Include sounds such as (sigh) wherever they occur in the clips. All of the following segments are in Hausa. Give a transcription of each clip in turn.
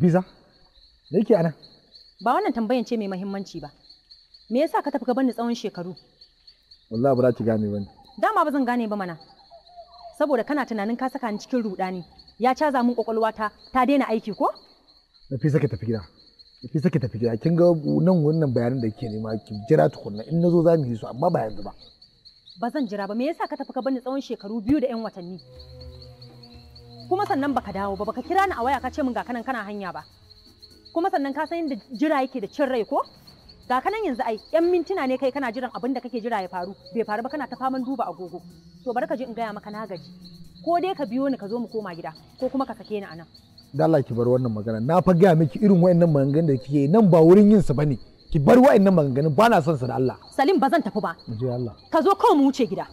Hafiza, me yake nan. Ba wannan tambayan ce mai muhimmanci ba. Me yasa ka tafi ka bani tsawon shekaru? Wallahi ba za ki gane wani. Dama ba zan gane ba mana. Saboda kana tunanin ka saka ni cikin rudani, ya caza min kwakwalwata ta daina aiki ko? Hafiza ke tafi gida. Hafiza ke tafi gida. Kin ga nan wannan bayanan da kike nema ki jira tukunna in nazo za mu yi su amma ba yanzu ba. Ba zan jira ba. Me yasa ka tafi ka bani tsawon shekaru biyu da 'yan watanni? kuma sannan baka dawo ba baka kira ni a waya ka ce min ga kanan kana hanya ba kuma sannan ka san yadda jira yake da cin rai ko ga kanan yanzu ai yan mintuna ne kai kana jiran abin da kake jira ya faru bai faru ba kana ta faman duba agogo to bari ka je in gaya maka na gaji ko dai ka biyo ni ka zo mu koma gida ko kuma ka sake ni anan da Allah ki bar wannan magana na fa gaya miki irin wayannan maganganun da kike nan ba wurin yin sa bane ki bar wayannan maganganun ba na son sa da Allah Salim ba zan tafi ba Allah ka zo kawai mu wuce gida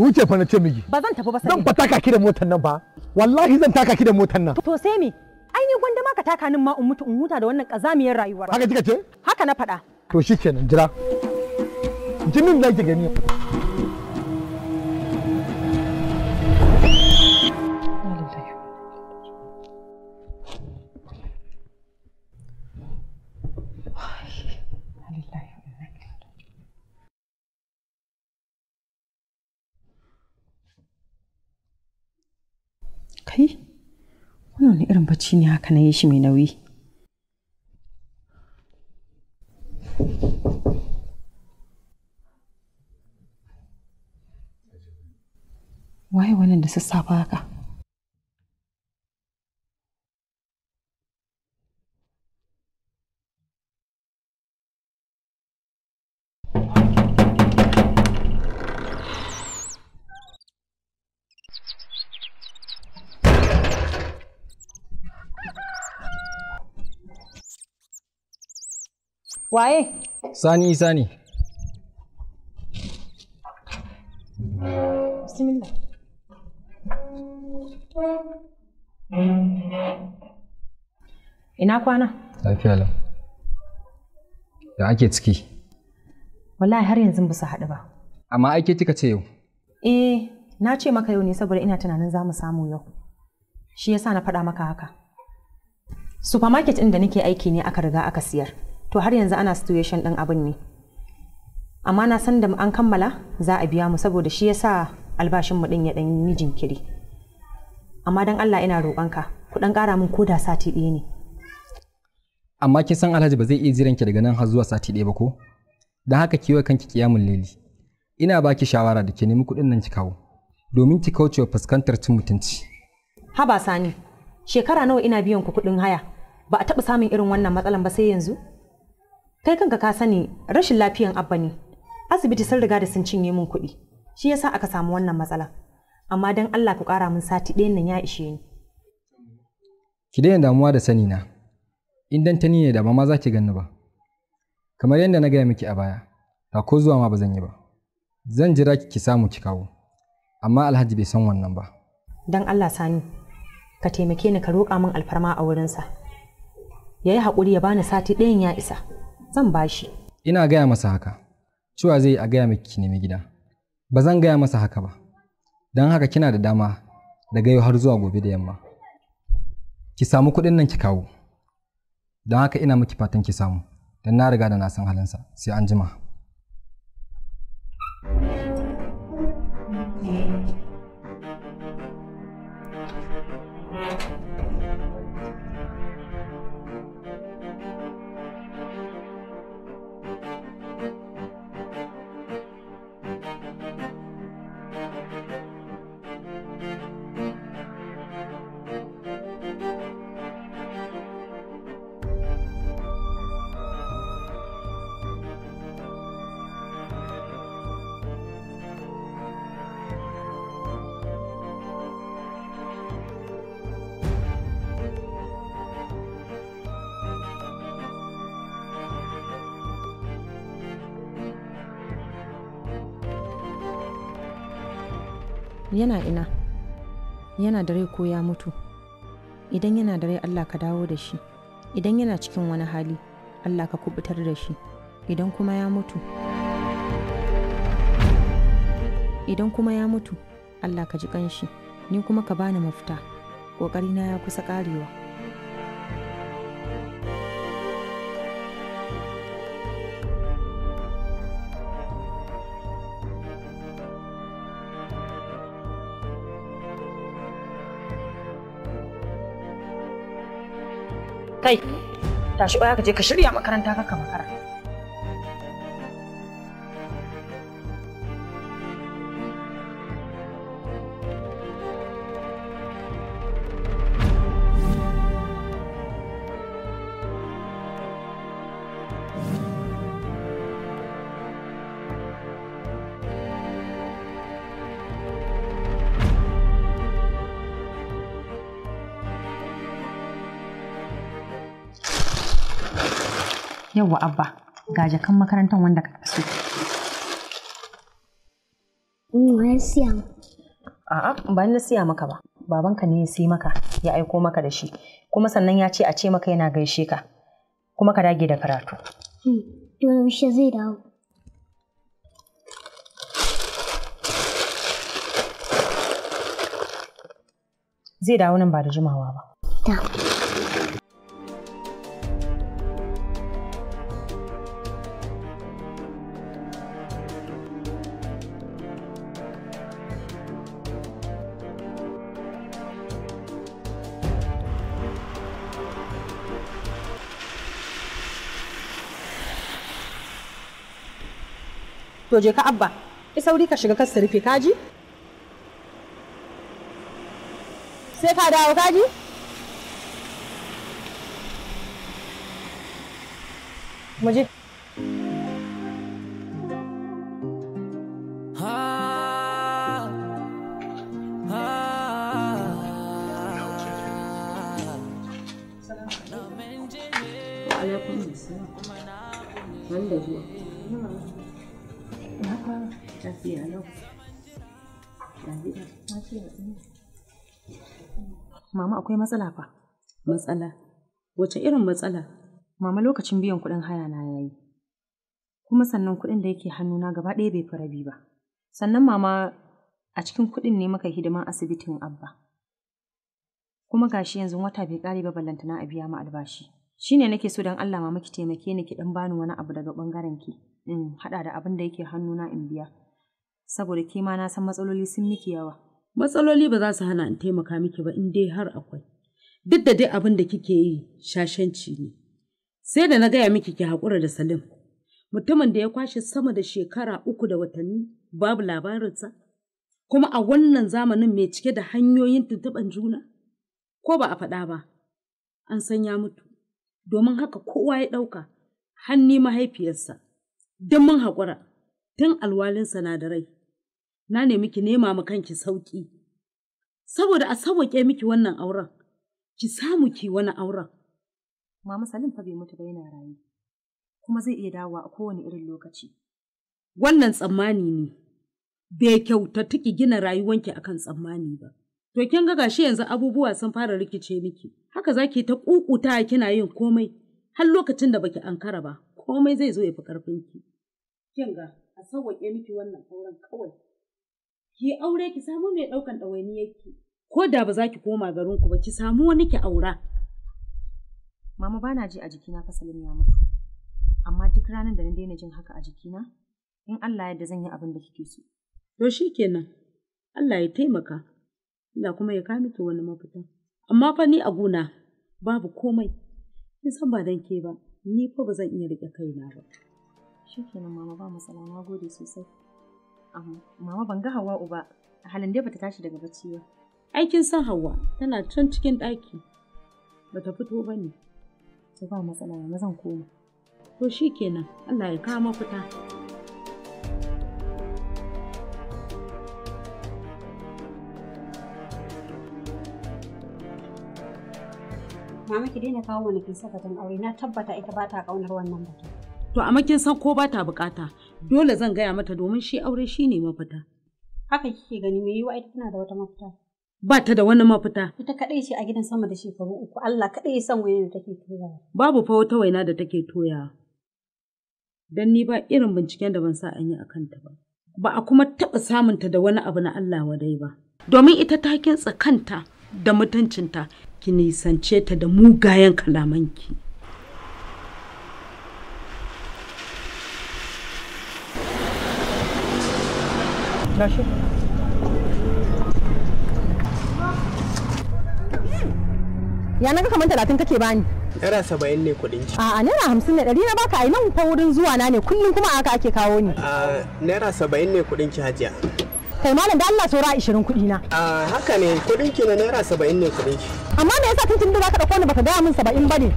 ki wuce fa na ce miki ba zan tafi ba sai dan fa taka ki da motar nan ba wallahi zan taka ki da motar nan to sai me ai ni gwanda ma ka taka nin ma in mutu in huta da wannan kazamiyar rayuwar haka kika ce haka na faɗa to shikenan jira jinin da kike gani kai wannan wani irin bacci ne haka na yi shi mai nauyi waye wannan da sassafa haka Waye? Sani Sani. Ina kwana? Lafiya lau. Da ake ciki. Wallahi har yanzu ba su haɗu ba. Amma ake kika ce yau. Eh, na ce maka yau ne saboda ina tunanin za mu samu yau. Shi yasa na faɗa maka haka. Supermarket ɗin da nake aiki ne aka riga aka siyar. to har yanzu ana situation ɗin abin ne amma na san da mu an kammala za a biya mu saboda shi yasa albashin mu ɗin ya ɗan yi jinkiri amma dan Allah ina roƙonka ku ɗan ƙara min ko da sati ɗaya ne amma ki san Alhaji ba zai iya jiran ki daga nan har zuwa sati ɗaya ba ko dan haka ki yi kanki mun leli ina baki shawara da ki nemi kuɗin nan ki kawo domin ki kaucewa fuskantar cin mutunci haba sani shekara nawa ina biyan ku kuɗin haya ba a taɓa samun irin wannan matsalan ba sai yanzu kai kanka ka sani rashin lafiyan abba ne asibiti sun riga da sun cinye min kuɗi shi yasa aka samu wannan matsala amma dan Allah ku kara min sati ɗayan nan ya ishe ni ki daina damuwa da sani na in dan tani ne da ba za ki ganni ba kamar yadda na gaya miki a baya ba ko zuwa ma ba zan yi ba zan jira ki samu ki kawo amma alhaji bai san wannan ba dan Allah sani ka taimake ni ka roƙa min alfarma a wurinsa ya yi hakuri ya bani sati ɗayan ya isa zan bashi. Ina gaya masa haka, cewa zai a gaya miki ki nemi gida. Ba zan gaya masa haka ba, don haka kina da dama da gayo har zuwa gobe da yamma. Ki samu kuɗin nan ki kawo, don haka ina miki fatan ki samu, don na riga da na san halinsa sai an jima. Eh. yana ina yana da rai ko ya mutu idan yana da rai allah ka dawo da shi idan yana cikin wani hali allah ka kubutar da shi idan kuma ya mutu idan kuma ya mutu allah ka ji kanshi ni kuma ka bani mafita ƙoƙarina ya kusa ƙarewa Kai, tashi ɓaya ka je ka shirya makaranta kaka makaranta. Yawwa Abba, ga jakan makarantar wanda ka so. Ina siya. A'a, ba na siya maka ba. Babanka ne ya sai maka, ya aiko maka da shi. Kuma sannan ya ce a ce maka yana gaishe ka. Kuma ka dage da karatu. Hmm, zai dawo? Zai dawo nan ba da jimawa ba. to je ka abba ki sauri ka shiga kasta rufe kaji sai ka dawo kaji mu je akwai matsala fa. Matsala? Wace irin matsala? Mama lokacin biyan kuɗin haya na yi. Kuma sannan kuɗin da yake hannuna gaba ɗaya bai fara bi ba. Sannan mama a cikin kuɗin ne muka hidiman asibitin Abba. Kuma gashi yanzu wata bai ƙare ba ballantana a biya ma albashi. Shi ne nake so don Allah mama ki taimake ni ki ɗan bani wani abu daga ɓangaren ki in haɗa da abin da yake hannuna in biya. Saboda ke ma na san matsaloli sun miki yawa. matsaloli ba za su hana in taimaka miki ba in dai har akwai duk da dai abin da kike yi shashanci ne sai da na gaya miki ki haƙura da salim mutumin da ya kwashe sama da shekara uku da watanni babu labarinsa kuma a wannan zamanin mai cike da hanyoyin tuntuɓan juna ko ba a faɗa ba an san ya mutu domin haka kowa ya ɗauka hanni mahaifiyarsa don mun haƙura tun alwalin sinadarai na nemi ki nema ma kanki sauki Saboda a sauke miki wannan auren, ki samu ki wani auren. Mama Salim fa bai mutu ba yana rayu, kuma zai iya dawowa a kowane irin lokaci. Wannan tsammani ne, bai kyauta tuki gina rayuwanki akan tsammani ba. To kin ga gashi yanzu abubuwa sun fara rikice miki, haka zaki ta ƙuƙuta kina yin komai, har lokacin da baki ankara ba, komai zai zo ya fi ƙarfinki. Kin ga, a sauke miki wannan auren kawai. ki aure ki samu mai ɗaukan ɗawainiyarki ko da ba za ki koma garinku ba ki samu wani ki aura. Mama bana ji a jikina fasalin ya mutu, amma duk ranar da na daina jin haka a jikina, in Allah yadda zan yi abin da kike so. To shikenan Allah ya taimaka, Ina kuma ya kame ki wani mafita. Amma fa ni a gona babu komai, in san ba dan ke ba, ni fa ba zan iya rike kaina ba. shikenan mama ba matsala, na gode sosai. Mama ban ga Hawa'u ba, halin dai bata tashi daga bacci ba. Aikin san Hawwa tana can cikin ɗaki. Bata fito ba ne. To ba matsala yanzu zan koma. To shi kenan Allah ya kawo mafita. Mama ki daina kawo wani kin saka aure na tabbata ita ba ta kaunar wannan batun. To amma kin san ko ba ta bukata dole zan gaya mata domin shi aure shi ne mafita. Haka kike gani me yiwa ita tana da wata mafita. Ba ta da wani mafita. Ita kaɗai ce a gidan sama da shekaru uku Allah kaɗai ya san wani da take toya. Babu fa wata waina da take toya. Dan ni ba irin binciken da ban sa an yi a kanta ba. Ba a kuma taɓa samunta da wani abu na Allah wadai ba. Domin ita ta kintsa kanta da mutuncinta ki nisance ta da mugayen kalamanki. naši? Ya naga kamar talatin kake bani. Naira saba'in ne kuɗin ki. A'a naira hamsin ne ɗari na baka a nan fa wurin zuwa na ne kullum kuma aka ake kawo ni. A'a naira saba'in ne kuɗin ki hajiya. Kai malam da Allah saura ishirin kuɗi na. A haka ne kuɗin ki na naira saba'in ne kuɗin ki. Amma me yasa tun tun da baka ɗauko ni baka gaya min saba'in ba ne.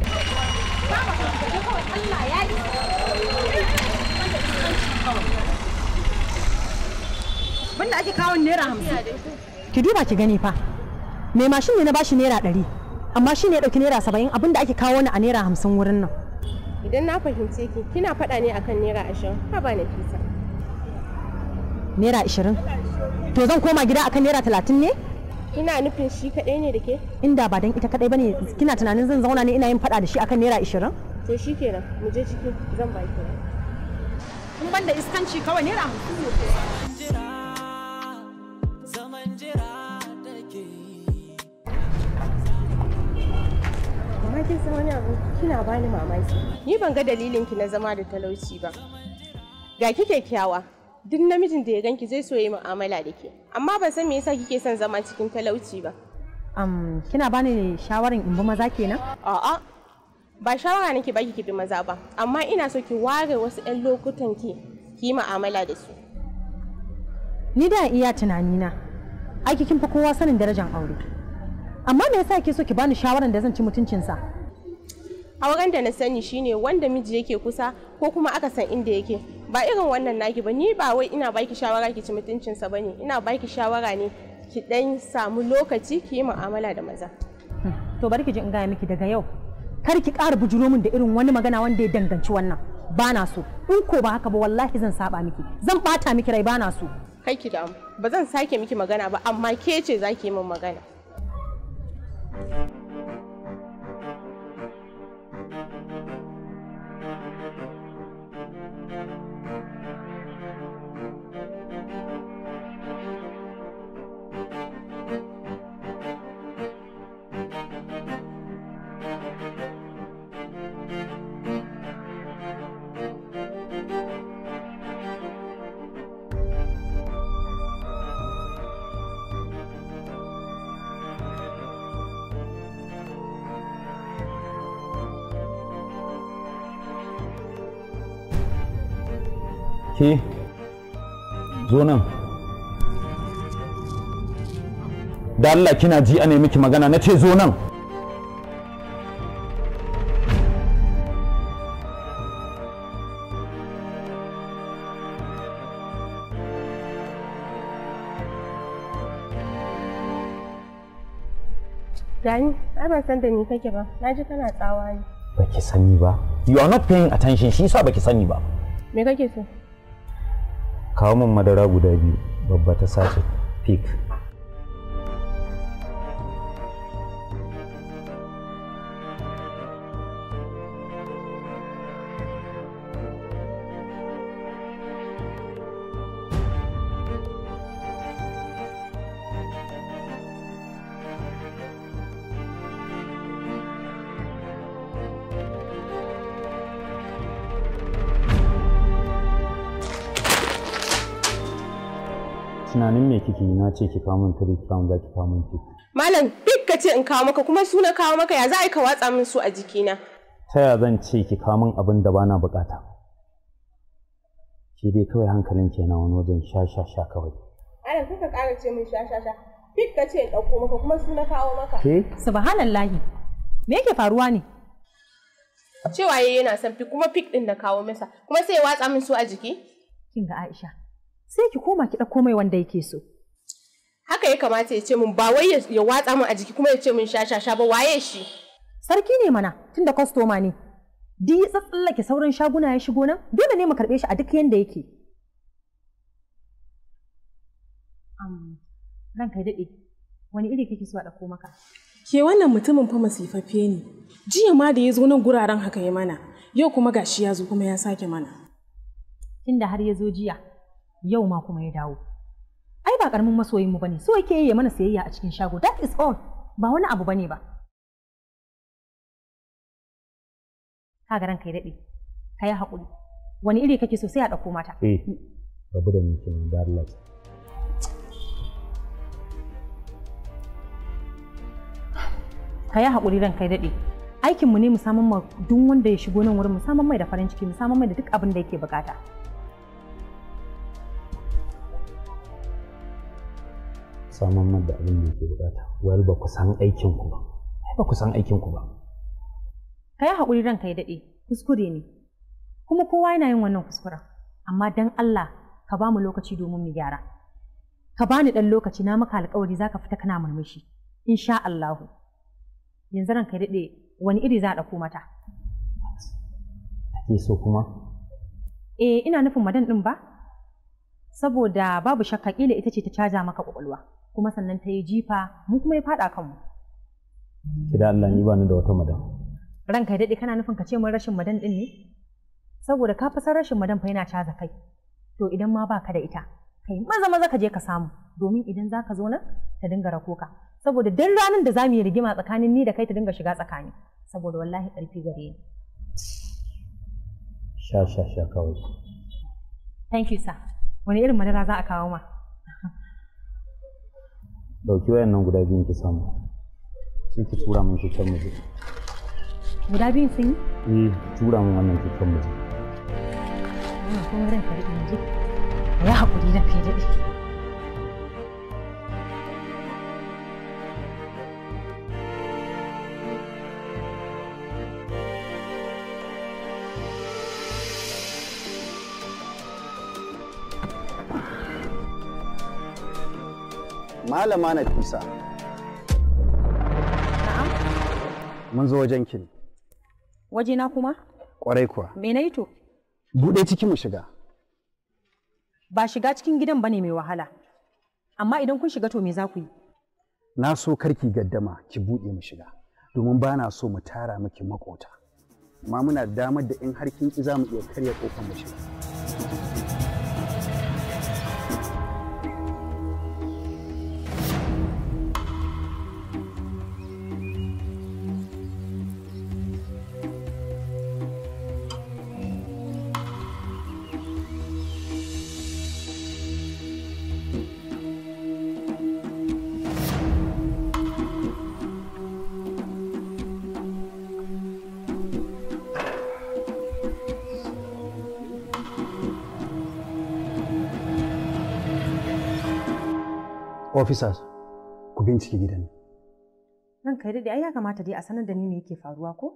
abin da ake kawo naira hamsin ki duba ki gani fa mai mashin ne na bashi naira ɗari amma shi ne ya ɗauki naira saba'in abin da ake kawo ni a naira hamsin wurin nan idan na fahimce ki kina faɗa ne akan naira ashirin ha ba na fisa naira ashirin to zan koma gida akan naira talatin ne ina nufin shi kaɗai ne da ke inda ba dan ita kaɗai ba ne kina tunanin zan zauna ne ina yin faɗa da shi akan naira ashirin to shi kenan mu je ciki zan ba ki in ban da iskanci kawai naira hamsin ne wani abu kina bani mamaki ni ban ga dalilin ki na zama da talauci ba ga ki kyakkyawa duk namijin da ya ganki zai so yi mu'amala da ke amma ban san me yasa kike son zama cikin talauci ba um, kina bani shawaran in bi maza kenan a'a ba shawara nake baki ki bi maza ba amma ina so ki ware wasu 'yan lokutan ki ki yi mu'amala da su ni da iya tunanina aiki kin fi kowa sanin darajar aure amma me yasa ke so ki bani shawaran da zan ci mutuncinsa auren da na sani shine wanda miji yake kusa ko kuma aka san inda yake ba irin wannan naki ba ni ba wai ina baki shawara ki ci mutuncinsa bane ina baki shawara ne ki dan samu lokaci ki yi mu'amala da maza hmm, to bari ki ji in gaya miki daga yau kar ki ƙara bujuro min da irin wani magana wanda ya danganci wannan ba na so in ko ba haka ba wallahi zan saba miki zan bata miki rai ba na so kai ki damu ba zan sake miki magana ba amma ke ce zaki yi min magana da Allah kina ji ana miki magana na ce zo nan Gani, ai ban san da ni kake ba. Na ji kana tsawa ne. Baki sani ba. You are not paying attention, shi yasa baki sani ba. Me kake so? Kawo min madara guda biyu, babba ta sace, pick. tunanin me kike na ce ki kawo min 3 crown za ki kawo min cake malam duk ka ce in kawo maka kuma su na kawo maka ya za a ka watsa min su a jikina ta ya zan ce ki kawo min abin da bana bukata ki dai kawai hankalin ke na wani wajen sha sha sha kawai malam kuka ƙara ce min sha sha sha duk ka ce in ɗauko maka kuma su na kawo maka ke subhanallahi me yake faruwa ne cewa yana son fi kuma fik ɗin da kawo masa kuma sai ya watsa min su a jiki kin ga Aisha sai ki koma ki ɗauko mai wanda yake so. Haka ya kamata ya ce min ba wai ya watsa min a jiki kuma ya ce min sha sha ba waye shi. Sarki ne mana tunda kwastoma ne. Di ya tsallake sauran shaguna ya shigo nan dole ne mu karɓe shi a duk yanda yake. ran kai daɗe, wani iri kake so a ɗauko maka? Ke wannan mutumin fa masifaffe ne. Jiya ma da ya zo nan guraren haka ya mana, yau kuma gashi ya zo kuma ya sake mana. Tunda har ya zo jiya, yau ma kuma ya dawo ai ba karamin masoyin mu bane so yake yi mana sayayya a cikin shago that is all ba wani abu bane ba ka ga ranka ya dade ka yi hakuri wani iri kake so sai a dauko mata eh rabu da ni kenan da Allah ka yi hakuri ranka ya dade aikinmu ne musamman ma duk wanda ya shigo nan wurin musamman mai da farin ciki musamman mai da duk abin da yake bukata saman man da abin da ke bukata wal ba ku san aikin ku ba ai ba ku san aikin ku ba kai hakuri ranka ya dade kuskure ne kuma kowa yana yin wannan kuskuren amma dan Allah ka ba mu lokaci domin mu gyara ka bani dan lokaci na maka alƙawari zaka fita kana murmushi insha Allah yanzu ranka ya dade wani iri za a dauko mata take so kuma eh ina nufin madan din ba saboda babu shakka kila ita ce ta caja maka ƙwaƙwalwa. kuma sannan ta yi jifa mu kuma ya faɗa kanmu. idan Allah ni ba ni da wata madan. Ranka daɗe kana nufin ka ce mun rashin madan ɗin ne? Saboda ka fi san rashin madan fa yana caza kai. To idan ma ba ka da ita, kai maza maza ka je ka samu domin idan za ka zo nan ta dinga rako ka. Saboda duk ranar da za mu yi rigima tsakanin ni da kai ta dinga shiga tsakani. Saboda wallahi ƙarfi gare ni. Sha sha sha kawai. Thank you sir. Wani irin madara za a kawo ma? dauki wayannan guda biyun ki samu sai ki tura min kyakkyan muje guda biyun sun yi eh tura min wannan kyakkyan muje ya haƙuri da kai daɗi Malama Nafisa. Na'am. Mun zo wajen ki. Waje na kuma? Kwarai kuwa. Me na yi to? Buɗe ciki mu shiga. Ba shiga cikin gidan bane mai wahala. Amma idan kun shiga to me za ku yi? Na so karki gaddama ki buɗe mu shiga. Domin ba na so mu tara miki maƙota. amma muna damar da in har kin ki za mu iya karya kofar mu shiga. officers ku binciki gidan nan kai dai ai ya kamata dai a sanar da ni me yake faruwa ko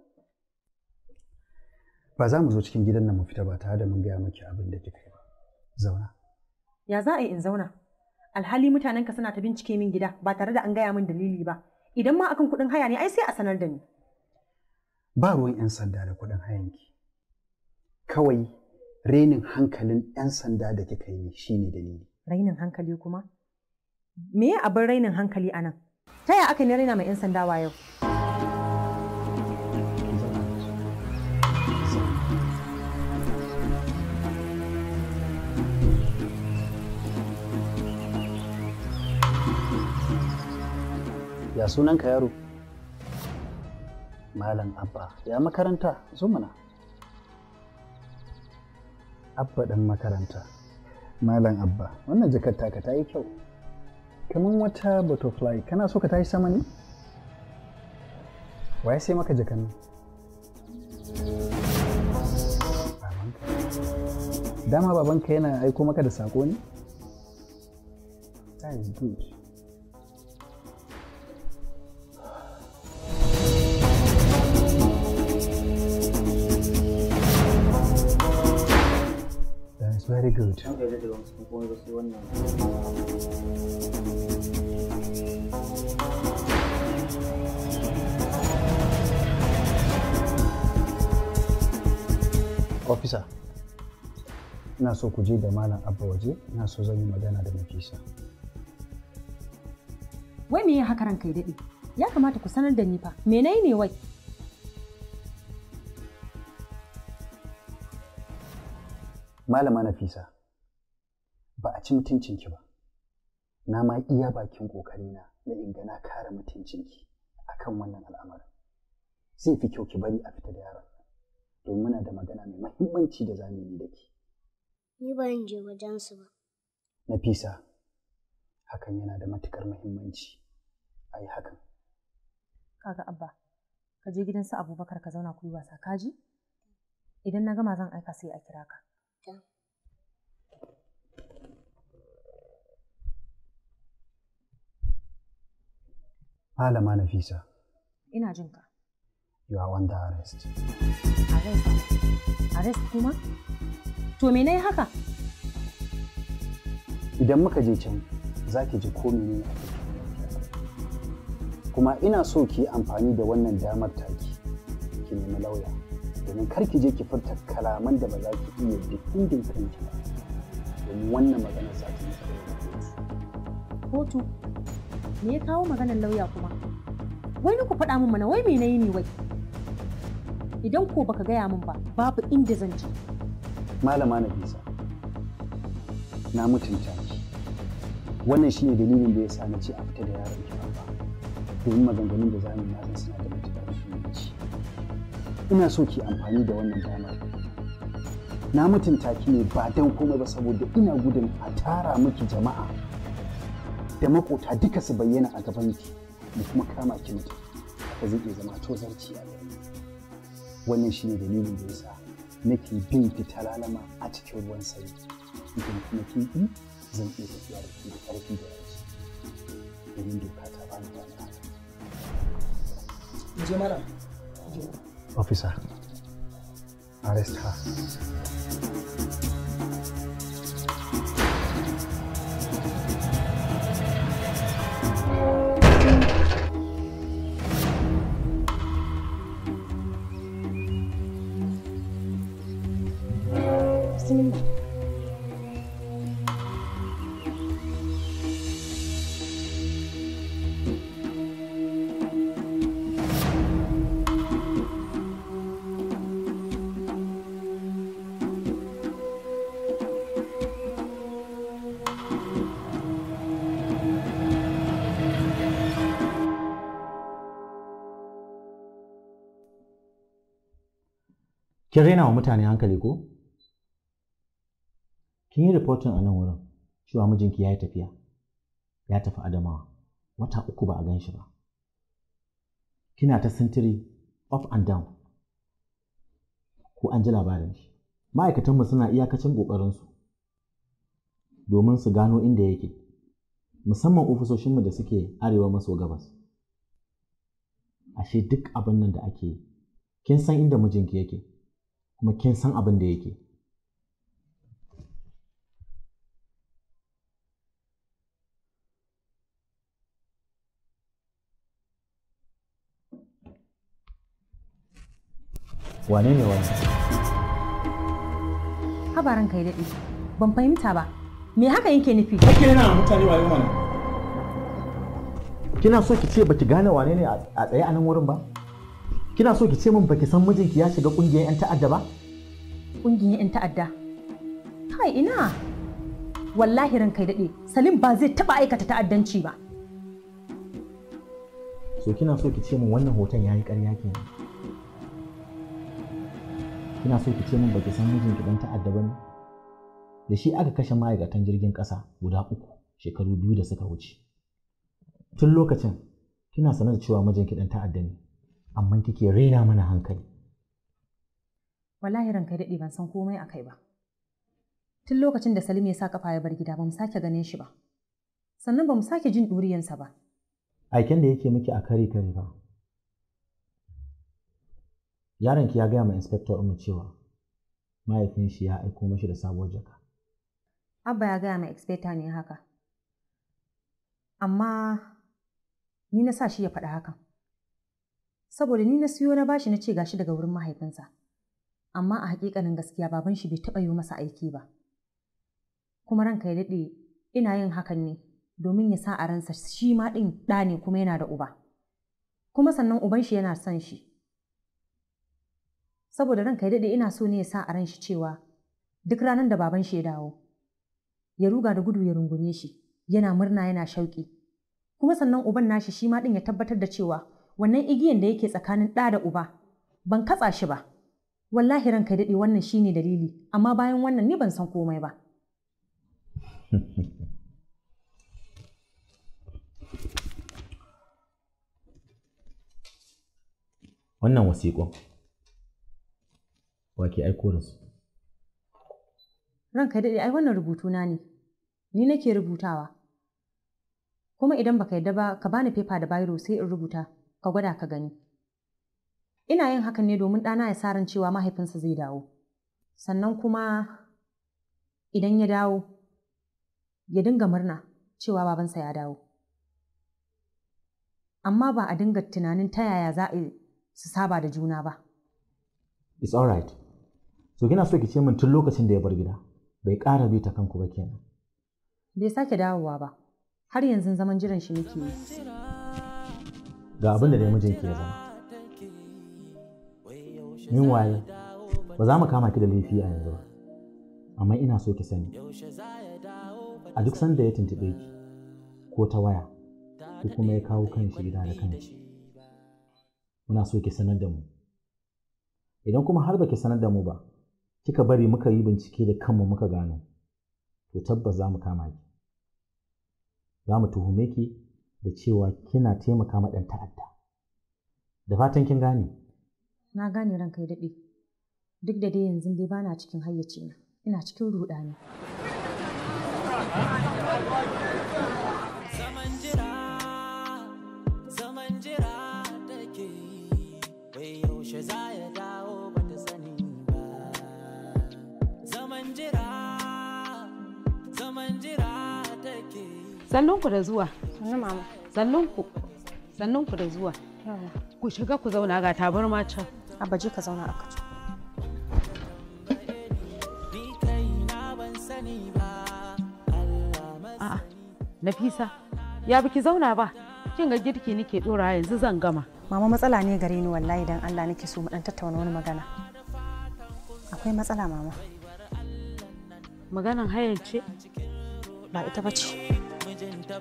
ba za mu zo cikin gidan nan mu fita ba tare da mun gaya maki abin da kika yi ba zauna ya za a yi in zauna alhali mutanen ka suna ta bincike min gida ba tare da an gaya min dalili ba idan ma akan kuɗin haya ne ai sai a sanar da ni ba ruwan 'yan sanda da kuɗin ki kawai renin hankalin 'yan sanda da kika yi shine dalili rainin hankali kuma me abin rainin hankali anan, ta yaya aka raina mai 'yan sanda wa yau ya ka yaro malam abba ya makaranta mana. abba dan makaranta malam abba wannan jakar taka ta yi kyau kaman wata butterfly kana so ka tashi sama ne waye sai maka ne? dama babanka yana aiko maka da sako ne very good officer ina so ku je da malam abba waje ina so zan yi magana da nafisa wai me ya haka ranka ya daɗe ya kamata ku sanar da ni fa menene wai malama nafisa ba a ci mutuncinki ba na ma iya bakin kokarina na ingana kare mutuncinki akan wannan al'amarin zai fi kyau ki bari a fita da yaron domin muna da magana mai mahimmanci da zamu yi da ki ni in je wajen ba nafisa hakan yana da matukar muhimmanci a hakan kaga abba ka je gidan su abubakar ka zauna ku yi wasa kaji idan na gama zan aika sai a kira ka Attends. Malama Nafisa. Ina jin You are under arrest. Arrest? Arrest kuma? To me nai haka? Idan muka je can za ki ji ko mene Kuma ina so ki amfani da wannan damar taki ki nemi lauya. domin kar ki je ki furta kalaman da ba za ki iya ya kanki ba domin wannan maganar za ta ki kotu me ya kawo maganar lauya kuma wai ni ku faɗa min mana wai me na yi ne wai idan ko baka gaya min ba babu inda zan je malama na bisa na mutunta ki wannan shine dalilin da ya sa na ce a fita da yaron ki ba domin maganganun da za mu yi na suna da ina so ki amfani da wannan damar na mutunta ki ne ba don komai ba saboda ina gudun a tara miki jama'a da makota duka su bayyana a gaban ki da kuma kama ki mutu ka zai iya zama tozarci a gari wannan shi ne dalilin da yasa nake bin ki ta a cikin ruwan sanyi idan kuma kin yi zan iya tafiya da ke da ƙarfi da yaji domin doka ta bani ni haka. Officer, arrest her. kin raina wa mutane hankali ko kin yi reporting a nan wurin cewa mijinki ya yi tafiya ya tafi adamawa wata uku ba a gan shi ba kina ta sintiri up and down ko an ji labarin shi ma'aikatanmu suna iyakacin ƙoƙarinsu domin su gano inda yake musamman ofisoshinmu da suke arewa maso gabas ashe duk abin nan da ake yi kin san inda mijinki yake kuma kin san abin da yake wane ne wani habarin kai daɗi ban fahimta ba me haka yake nufi kake yana mutane wayo mana kina so ki ce baki gane wane ne a tsaye a nan wurin ba kina so ki ce min baki san mijinki ya shiga kungiyar 'yan ta'adda ba? Kungiyar 'yan ta'adda? Kai ina! Wallahi kai daɗe, Salim ba zai taɓa aikata ta'addanci ba. So kina so ki ce min wannan hoton ya yi ƙarya ke Kina so ki ce min baki san mijinki ɗan ta'adda ba ne? Da shi aka kashe ma'aikatan jirgin ƙasa guda uku shekaru biyu da suka wuce. Tun lokacin, kina sanar da cewa mijinki ɗan ta'adda ne. amma take raina mana hankali wallahi ranka daɗe ban san komai a kai ba tun lokacin da Salim ya sa kafa ya bar gida ba mu sake ganin shi ba sannan ba mu sake jin ɗuriyansa ba aiken da yake miki a kare kare ba yaron ki ya gaya ma inspector mu cewa mahaifin shi ya aiko mashi da sabuwar jaka abba ya gaya ma inspector ne haka amma ni na sa shi ya faɗa hakan saboda ni na siyo na bashi na ce gashi daga wurin mahaifinsa. Amma a hakikanin gaskiya baban shi bai taba yi masa aiki ba. Kuma ranka ya daɗe ina yin hakan ne domin ya sa a ransa shi ma ɗin ɗa ne kuma yana da uba. Kuma sannan uban shi yana son shi. Saboda ranka ya daɗe ina so ne ya sa a ran cewa duk ranar da baban shi ya dawo ya ruga da gudu ya rungume shi yana murna yana shauƙi. Kuma sannan uban nashi shi ma ɗin ya tabbatar da cewa wannan igiyan da yake tsakanin ɗa da uba ban katsa shi ba wallahi ranka daɗe wannan shine dalili amma bayan wannan ni ban san komai ba (laughs) wannan wasiƙon wake aiko da su ranka daɗe ai wannan rubutuna ne ni nake rubutawa kuma idan baka yadda ba ka bani fefa da bairo sai in rubuta ka gwada ka gani. Ina yin hakan ne domin ɗana ya sa ran cewa mahaifinsa zai dawo. Sannan kuma idan ya dawo, ya dinga murna cewa babansa ya dawo. Amma ba a dinga tunanin ta yaya za a su saba da juna ba. It's alright. So kina so ki ce min tun lokacin da ya bar gida, bai ƙara bi ta kanku ba kenan. Bai sake dawowa ba, har yanzu zaman jiran shi nake yi. ga abin da mijin ke zama min ba za mu kama ki da laifi a yanzu ba amma ina so ki sani a duk sanda ya tuntube ki ko ta waya ko kuma ya kawo kanshi gida da shi, muna so ki sanar da mu idan kuma har ba ki sanar da mu ba kika bari muka yi bincike da kanmu muka gano to tabbas za mu kama ki za mu tuhume ki da cewa kina taimaka ma ɗan ta'adda da fatan kin gane na gane ranka ya daɗe duk da dai yanzu dai bana cikin hayyacina ina cikin ruɗani yaushe ku da zuwa sannu mama sannunku sannunku da zuwa ku shiga ku zauna ga tabar a baje ka zauna a kacu a'a nafisa ya biki zauna ba kin ga girki nike dora yanzu zan gama mama matsala ne gare ni wallahi dan Allah nake so mu dan tattauna wani magana akwai matsala mama maganan hayan ba ita bace mijinta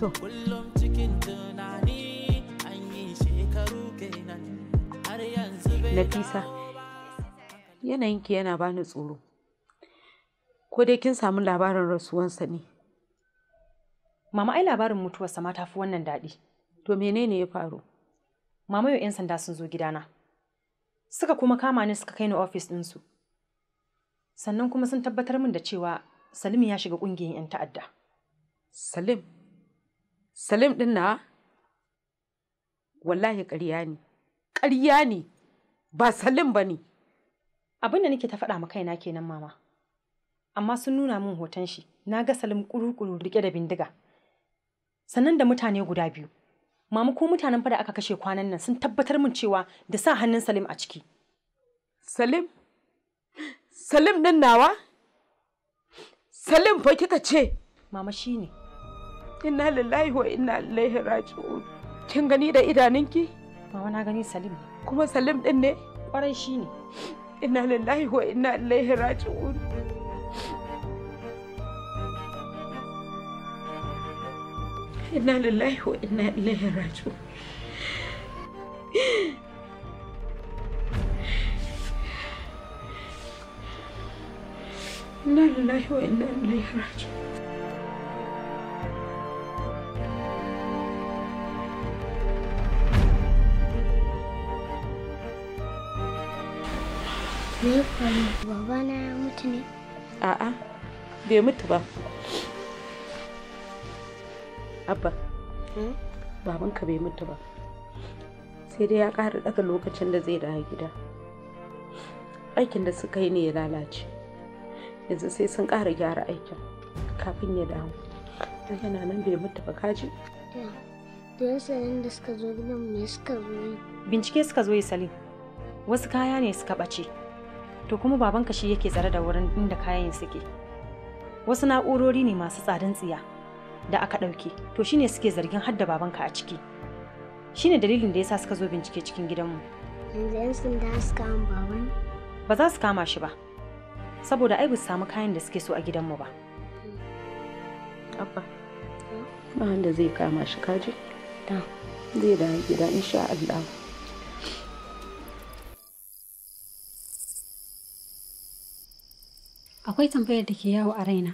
to kullum cikin tunani an yi shekaru yana bani tsoro ko dai kin samu labarin rasuwansa ne Mama ai labarin mutuwar mutuwarsa ma tafi wannan daɗi. To menene ya faru? Mama yau 'yan sanda sun zo gidana. Suka kuma kama ni suka kai ni ofis ɗinsu. Sannan kuma sun tabbatar min da cewa Salim ya shiga ƙungiyar 'yan ta'adda. Salim? salim ɗin wallahi ƙarya ne ƙarya ne ba salim ba ne abin da nake ta faɗa ma kaina kenan mama amma sun nuna min hoton shi na ga salim kuru rike da bindiga sannan da mutane guda biyu mama ko mutanen fa da aka kashe kwanan nan sun tabbatar min cewa da sa hannun salim a ciki salim salim ɗin nawa salim fa kika ce mama shine ne inna lillahi wa inna ilaihi raji'un kin gani da idanunki ba wani gani salim ne kuma salim din ne kwarai shi ne inna lillahi wa inna ilaihi raji'un inna lillahi wa inna ilaihi raji'un inna lillahi wa inna ilaihi raji'un Me faru? Baba na ya mutu ne? A'a, bai mutu ba. Abba, hmm? babanka bai mutu ba. Sai dai ya ƙara daga lokacin da zai dawo gida. Aikin da suka yi ne ya lalace. Yanzu sai sun ƙara gyara aikin kafin ya dawo. Yana nan bai mutu ba kaji? da ya sanin da suka zo gidan me suka zo yi bincike suka zo yi salim wasu kaya ne suka ɓace to kuma babanka shi yake tsare da wurin inda kayan suke wasu na'urori ne masu tsadan tsiya da aka ɗauke to shine suke zargin hadda babanka a ciki shine dalilin da yasa suka zo bincike cikin gidanmu yanzu su kama baban ba za su kama shi ba saboda ai ba su samu kayan da suke so a gidanmu ba abba ba wanda zai kama shi kaji da zai da gida insha Allah akwai tambayar da ke yawo a raina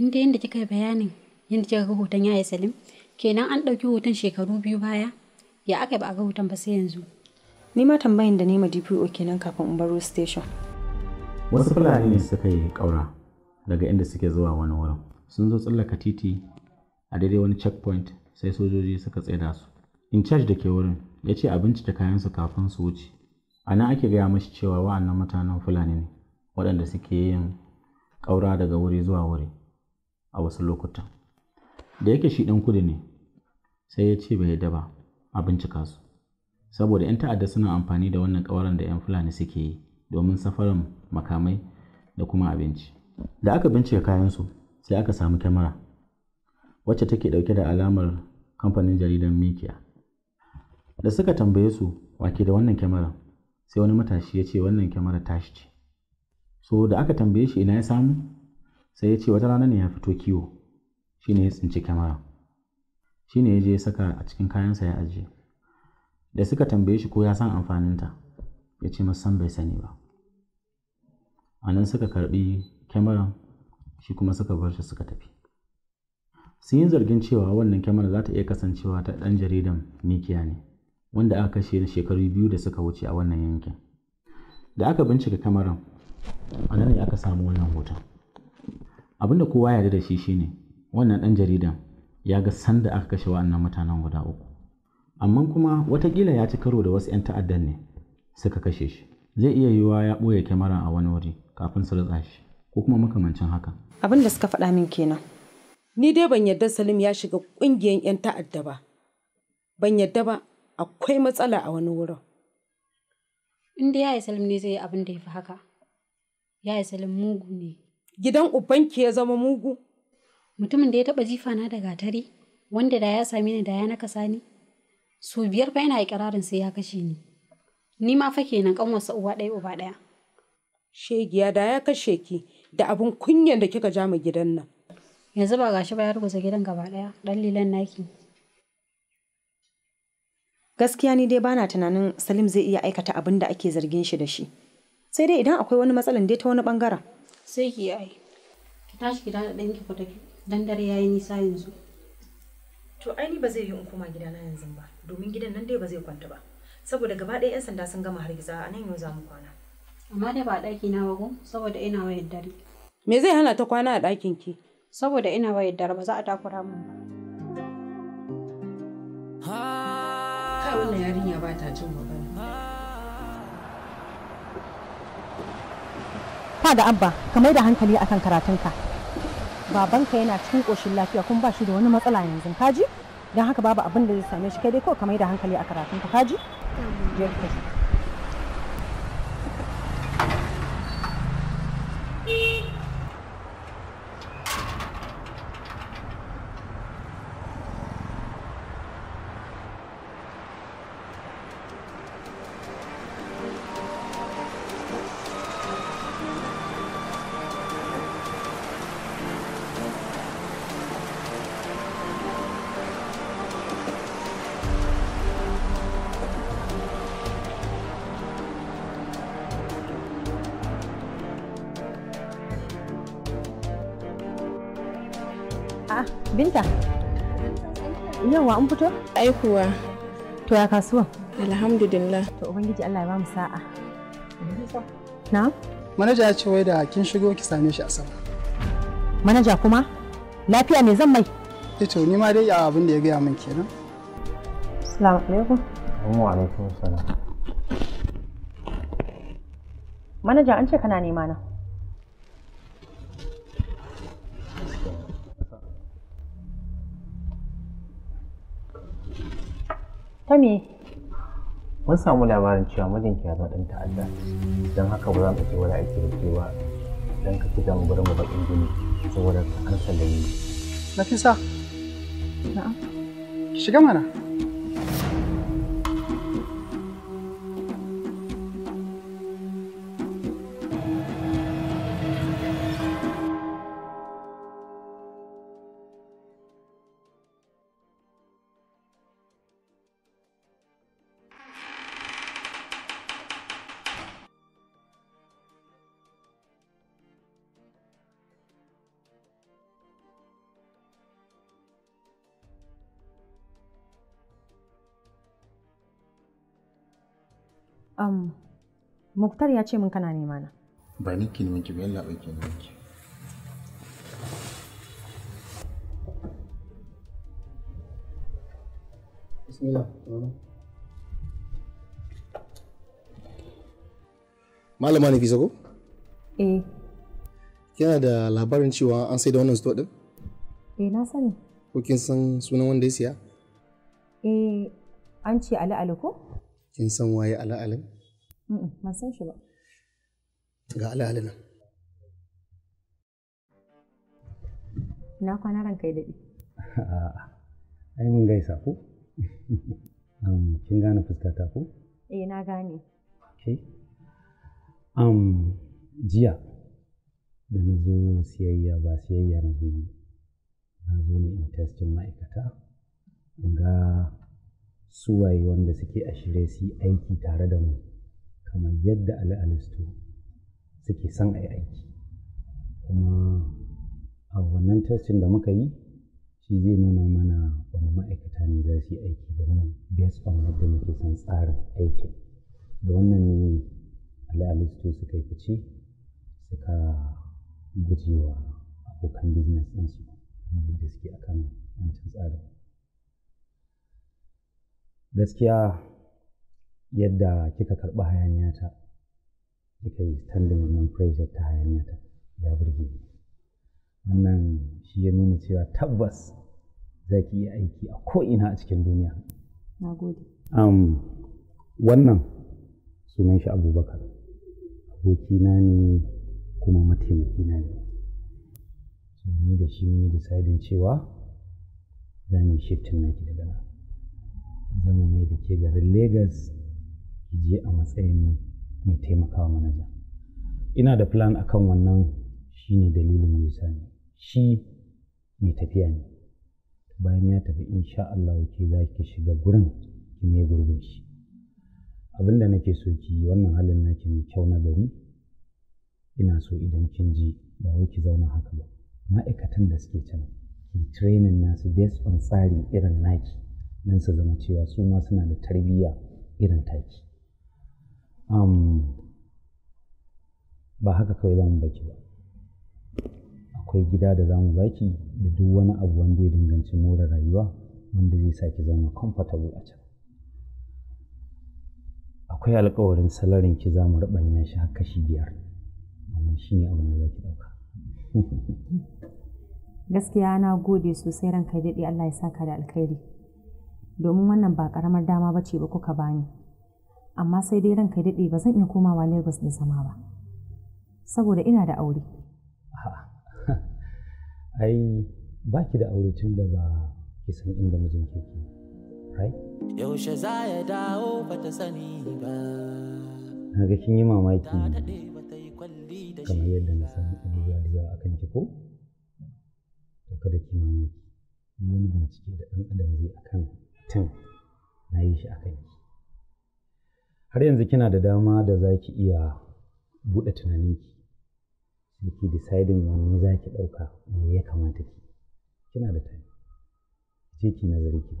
inda yadda kika yi bayanin yadda kika ga hoton yaya salim kenan an ɗauki hoton shekaru biyu baya ya aka ba a ga hoton ba sai yanzu ni ma tambayin da nema dpo kenan kafin in baro station wasu fulani ne suka yi ƙaura daga inda suke zuwa wani wurin sun zo tsallaka titi a daidai wani checkpoint sai sojoji suka tsaida su in charge da ke wurin ya ce a kayan kayansu kafin su wuce a nan ake gaya mashi cewa wa'annan mutanen fulani ne waɗanda suke yin ƙaura daga wuri zuwa wuri a wasu lokutan da yake shi ɗan kudu ne sai ya ce bai yadda ba a bincika su saboda 'yan ta'adda suna amfani da wannan ƙawaran da 'yan fulani suke yi domin safarin makamai da kuma abinci da aka bincika kayansu sai aka samu kyamara wacce take ɗauke da alamar kamfanin jaridar mikiya da suka tambaye su wake da wannan kyamara sai wani matashi ya ce wannan kyamara tashi ce so da aka tambaye shi ina ya samu sai ya ce wata rana ne ya fito kiwo shine ya tsinci kyamara shine ya je ya saka a cikin kayansa ya ajiye da suka tambaye shi ko ya san amfaninta ya ce masan bai sani ba a nan suka karbi kyamaran shi kuma suka bar shi suka tafi sun yi zargin cewa wannan kyamara za ta iya kasancewa ta ɗan jaridan mikiya ne wanda aka kashe shekaru biyu da suka wuce a wannan yankin da aka bincika kyamaran a nan ne aka samu wannan hoton abin da kowa yarda da shi ne wannan ɗan jaridan ya ga sanda aka kashe wannan mutanen guda uku amma kuma watakila ya ci karo da wasu 'yan ta'addan ne suka kashe shi zai iya yiwuwa ya ɓoye kyamara a wani wuri kafin su rutsa shi ko kuma makamancin haka abin da suka faɗa min kenan ni dai ban yarda salim ya shiga ƙungiyar 'yan ta'adda ba ban yarda ba akwai matsala a wani wurin in dai ya yi salim ne zai yi abin da ya fi haka yi salin mugu ne. Gidan ubanki ya zama mugu? Mutumin da ya taɓa jifa na da gatari, wanda da ya sami ni da ya naka ni. su biyar fa yana ikirarin sai ya kashe ni. Ni ma fa kenan wasu uwa ɗaya uba ɗaya. Shegiya da ya kashe ki da abin kunyan da kika ja mu gidan nan. Yanzu ba gashi ba ya rubuta gidan gaba ɗaya, ɗan lilan naki. gaskiya ni dai bana tunanin salim zai iya aikata abin da ake zargin shi da shi sai dai idan akwai wani matsalan dai ta wani bangaren sai ki yi ki tashi gida da ɗanki ku tafi dan dare yayi nisa yanzu to ai ni ba zai yi in koma gidana yanzu ba domin gidan nan dai ba zai kwanta ba saboda gaba ɗaya 'yan sanda sun gama hargitsa a nan yau za mu kwana amma dai ba ɗaki na ba saboda ina wayar dare me zai hana ta kwana a ɗakin ki saboda ina wayar dare ba za a takura mun ba kai wannan yarinya ba ta cin ba ka da abba ka mai da hankali akan karatunka babanka yana cikin koshin lafiya kuma ba shi da wani matsala yanzu kaji don haka babu abin da zai same shi kai dai kawai ka mai da hankali a karatunka kaji ka aikuwa. to ya kasuwa alhamdulillah to ubangiji Allah ya ba mu sa'a na manaja ya ce wai da kin shigo ki same shi a sama manaja kuma lafiya me zan mai eh to ni ma dai abin da ya gaya min kenan assalamu alaikum assalamu alaikum manaja an ce kana nema na ta mun samu labarin cewa mijinki ya zama ɗan ta'adda don haka ba za mu ce wani aiki da ke ba don ka fita mu gurin mu baƙin gini saboda an sallame ni. Nafisa, na'am, shiga mana. Um, Muktar ya ce min kana nema na. Ba ni ki neman ki ba yalla ba ki Bismillah. Malama ne fi ko? Eh. Kina da labarin cewa an sai da wannan store din? Eh na sani. Ko kin san sunan wanda ya siya? Eh an ce Ali Ali ko? kin san waye ala'alin? ban san shi ba ga ala'alin nan na kwana ranka ya daɗi (laughs) ai mun gaisa ko (laughs) kin gane fuskata ko eh na gane okay um, jiya da na zo siyayya ba siyayya na zo yi na zo ne in testin ma'aikata ga suwaye wanda suke a shirye su aiki tare da mu kamar yadda al'alistu suke son a yi aiki kuma a wannan testin da muka yi shi zai nuna mana wani ma'aikata ne za su yi aiki da mu based on yadda muke son tsarin aiki da wannan ne al'alistu suka yi fice suka gujewa abokan business ɗinsu kamar yadda suke a kan wancan tsarin gaskiya yadda kika karɓi hayaniyata kika yi standin wannan pressure ta hayaniyata ya burge ni wannan shi ya nuna cewa tabbas za ki yi aiki a ko'ina a cikin duniya wannan sunan shi abubakar abokina ne kuma mataimakina ne ni da shi mun yi decidin cewa za mu yi shiftin naki daga nan zama mai da ke garin Legas ki je a matsayin mai taimakawa manaja. Ina da plan akan wannan shi ne dalilin da ya ne. Shi mai tafiya ne. Bayan ya tafi insha Allah ke za ki shiga gurin ki mai gurbin shi. Abin da nake so ki wannan halin naki mai kyau na gari ina so idan kin ji ba wai ki zauna haka ba. Ma'aikatan da suke can ki training nasu based on tsari irin naki. don su zama cewa su ma suna da tarbiyya irin taki ba haka kawai zamu baki ba akwai gida da zamu baki da duk wani abu wanda ya danganci more rayuwa wanda zai sa ki zama comfortable a can akwai alkawarin salarin ki zamu mu rabanya shi har kashi biyar wannan shine abin da za ki ɗauka gaskiya na gode sosai ranka daɗe Allah ya saka da alkhairi domin wannan ba ƙaramar dama ba ce ba kuka bani amma sai dai ranka daɗe ba zan iya komawa lagos da zama ba saboda ina da aure (laughs) ai ba ki da aure tun da ba ki san inda mijin ke ke right yaushe za ya dawo ba ta sani ba na ga kin yi mamaki kamar yadda na san abubuwa da yawa akan ki ko kada ki mamaki wani bincike da ɗan adam zai akan tun na yi shi a kanki har yanzu kina da dama da za ki iya buɗe tunaninki sai ki decidin wani za ki ɗauka mai ya kamata ki kina da time je ki nazari ki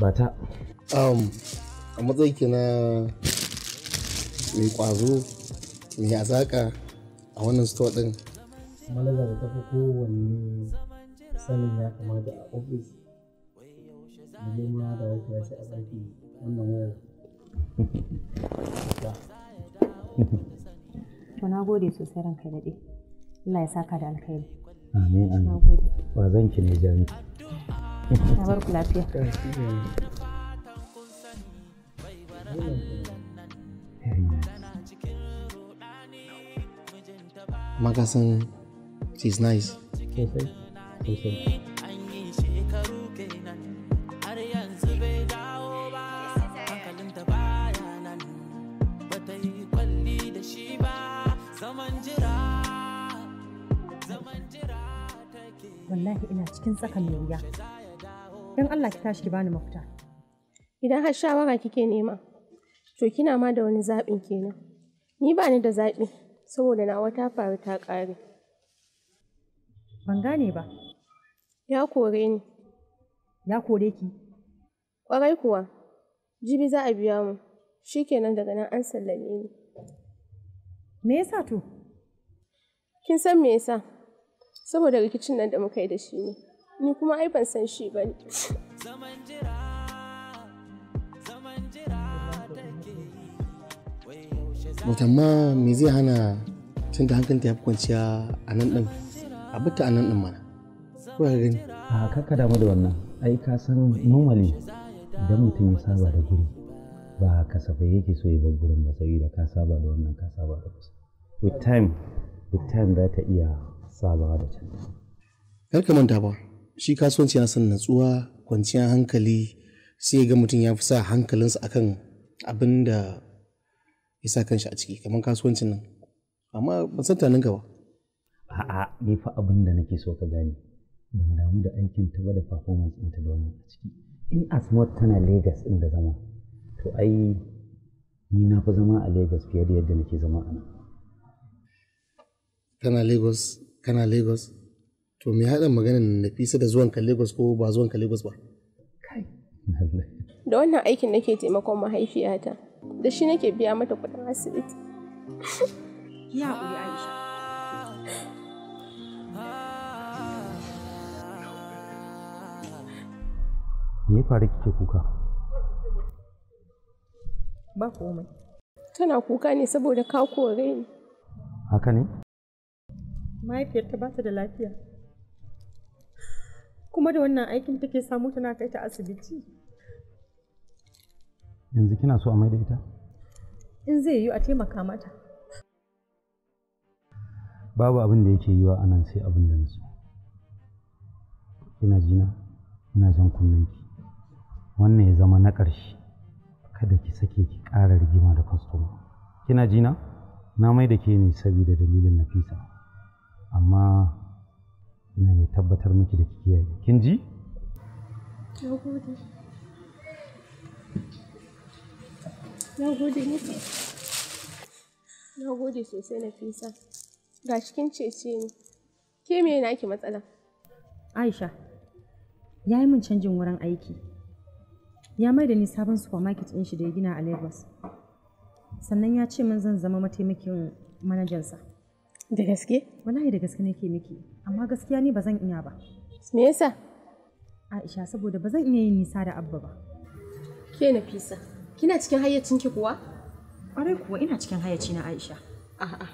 ba ta um, a matsayinki na mai ƙwazo mai azaka a wannan store ɗin malaga da tafi kowanne sanin ya kamata a ofis to na gode sosai ranka daɗe Allah ya saka da alkhairi amin amin ba zan ki ne jami na bar ku lafiya magasin she's nice sosai sosai wallahi ina cikin tsakan mai wuya Allah ki tashi ki bani mafita idan har shawara kike nema to kina ma da wani zaɓin kenan ni ba ni da zaɓi saboda nawa ta faru ta ƙare ban gane ba ya kore ni ya kore ki ƙwarai kuwa jibi za a biya mu shi kenan daga nan an sallame ni me yasa to kin san me yasa saboda rikicin nan da muka yi da shi ne ni kuma ai ban san shi ba ne mutamma me zai hana tun da hankalinta ya fi kwanciya a nan din a bata a nan din mana ko ya gani a kakka damu da wannan ai ka san normally idan mutum ya saba da guri ba kasafai yake so ya bar gurin ba saboda ka saba da wannan ka saba da wasu with time with time za ta iya sabawa da canza. Kar ka manta ba, shi kasuwanci yana son natsuwa, kwanciyar hankali, sai ga mutum ya fi sa hankalinsa akan abin da ya sa kanshi a ciki kamar kasuwancin nan. Amma ban san tanin ba. A'a, ni fa abin da nake so ka gani. Ban damu da aikin ta ba da performance ɗinta da wannan a ciki. In Asmat tana Legas ɗin da zama, to ai ni na fi zama a Legas fiye da yadda nake zama a nan. Tana Lagos kana Lagos to me haɗa maganin Nafisa da zuwanka Lagos ko ba zuwanka Lagos ba kai da wannan aikin nake taimakon mahaifiyata da shi nake biya mata kuɗin asibiti ya uyi Aisha me ya faru kike kuka ba komai tana kuka ne saboda ka kore ni haka ne mahaifiyarta ba ta da lafiya kuma da wannan aikin take samu tana kai ta asibiti yanzu kina so a mai da ita in zai yiwu a taimaka mata babu abin da yake yiwa anan sai abin da nasu ina jina ina jan kunnanki wannan ya zama na ƙarshe kada ki sake ki ƙara rigima da kwastoma kina jina na mai da ke ne saboda dalilin nafisa amma ina mai tabbatar miki da kike yi kin ji na gode na gode sosai na fisa ga cikin cece ne ke me ki matsala aisha ya yi min canjin wurin aiki ya mai da ni sabon supermarket ɗin shi da ya gina a lagos sannan ya ce min zan zama mataimakin manajansa Da gaske? Wallahi da gaske nake miki, amma gaskiya ne ba zan iya ba. Me yasa? Aisha saboda ba zan iya yin nisa da Abba ba. Ke fisa. kina cikin ki kuwa? Ƙwarai kuwa ina cikin hayyaci na Aisha. A'a.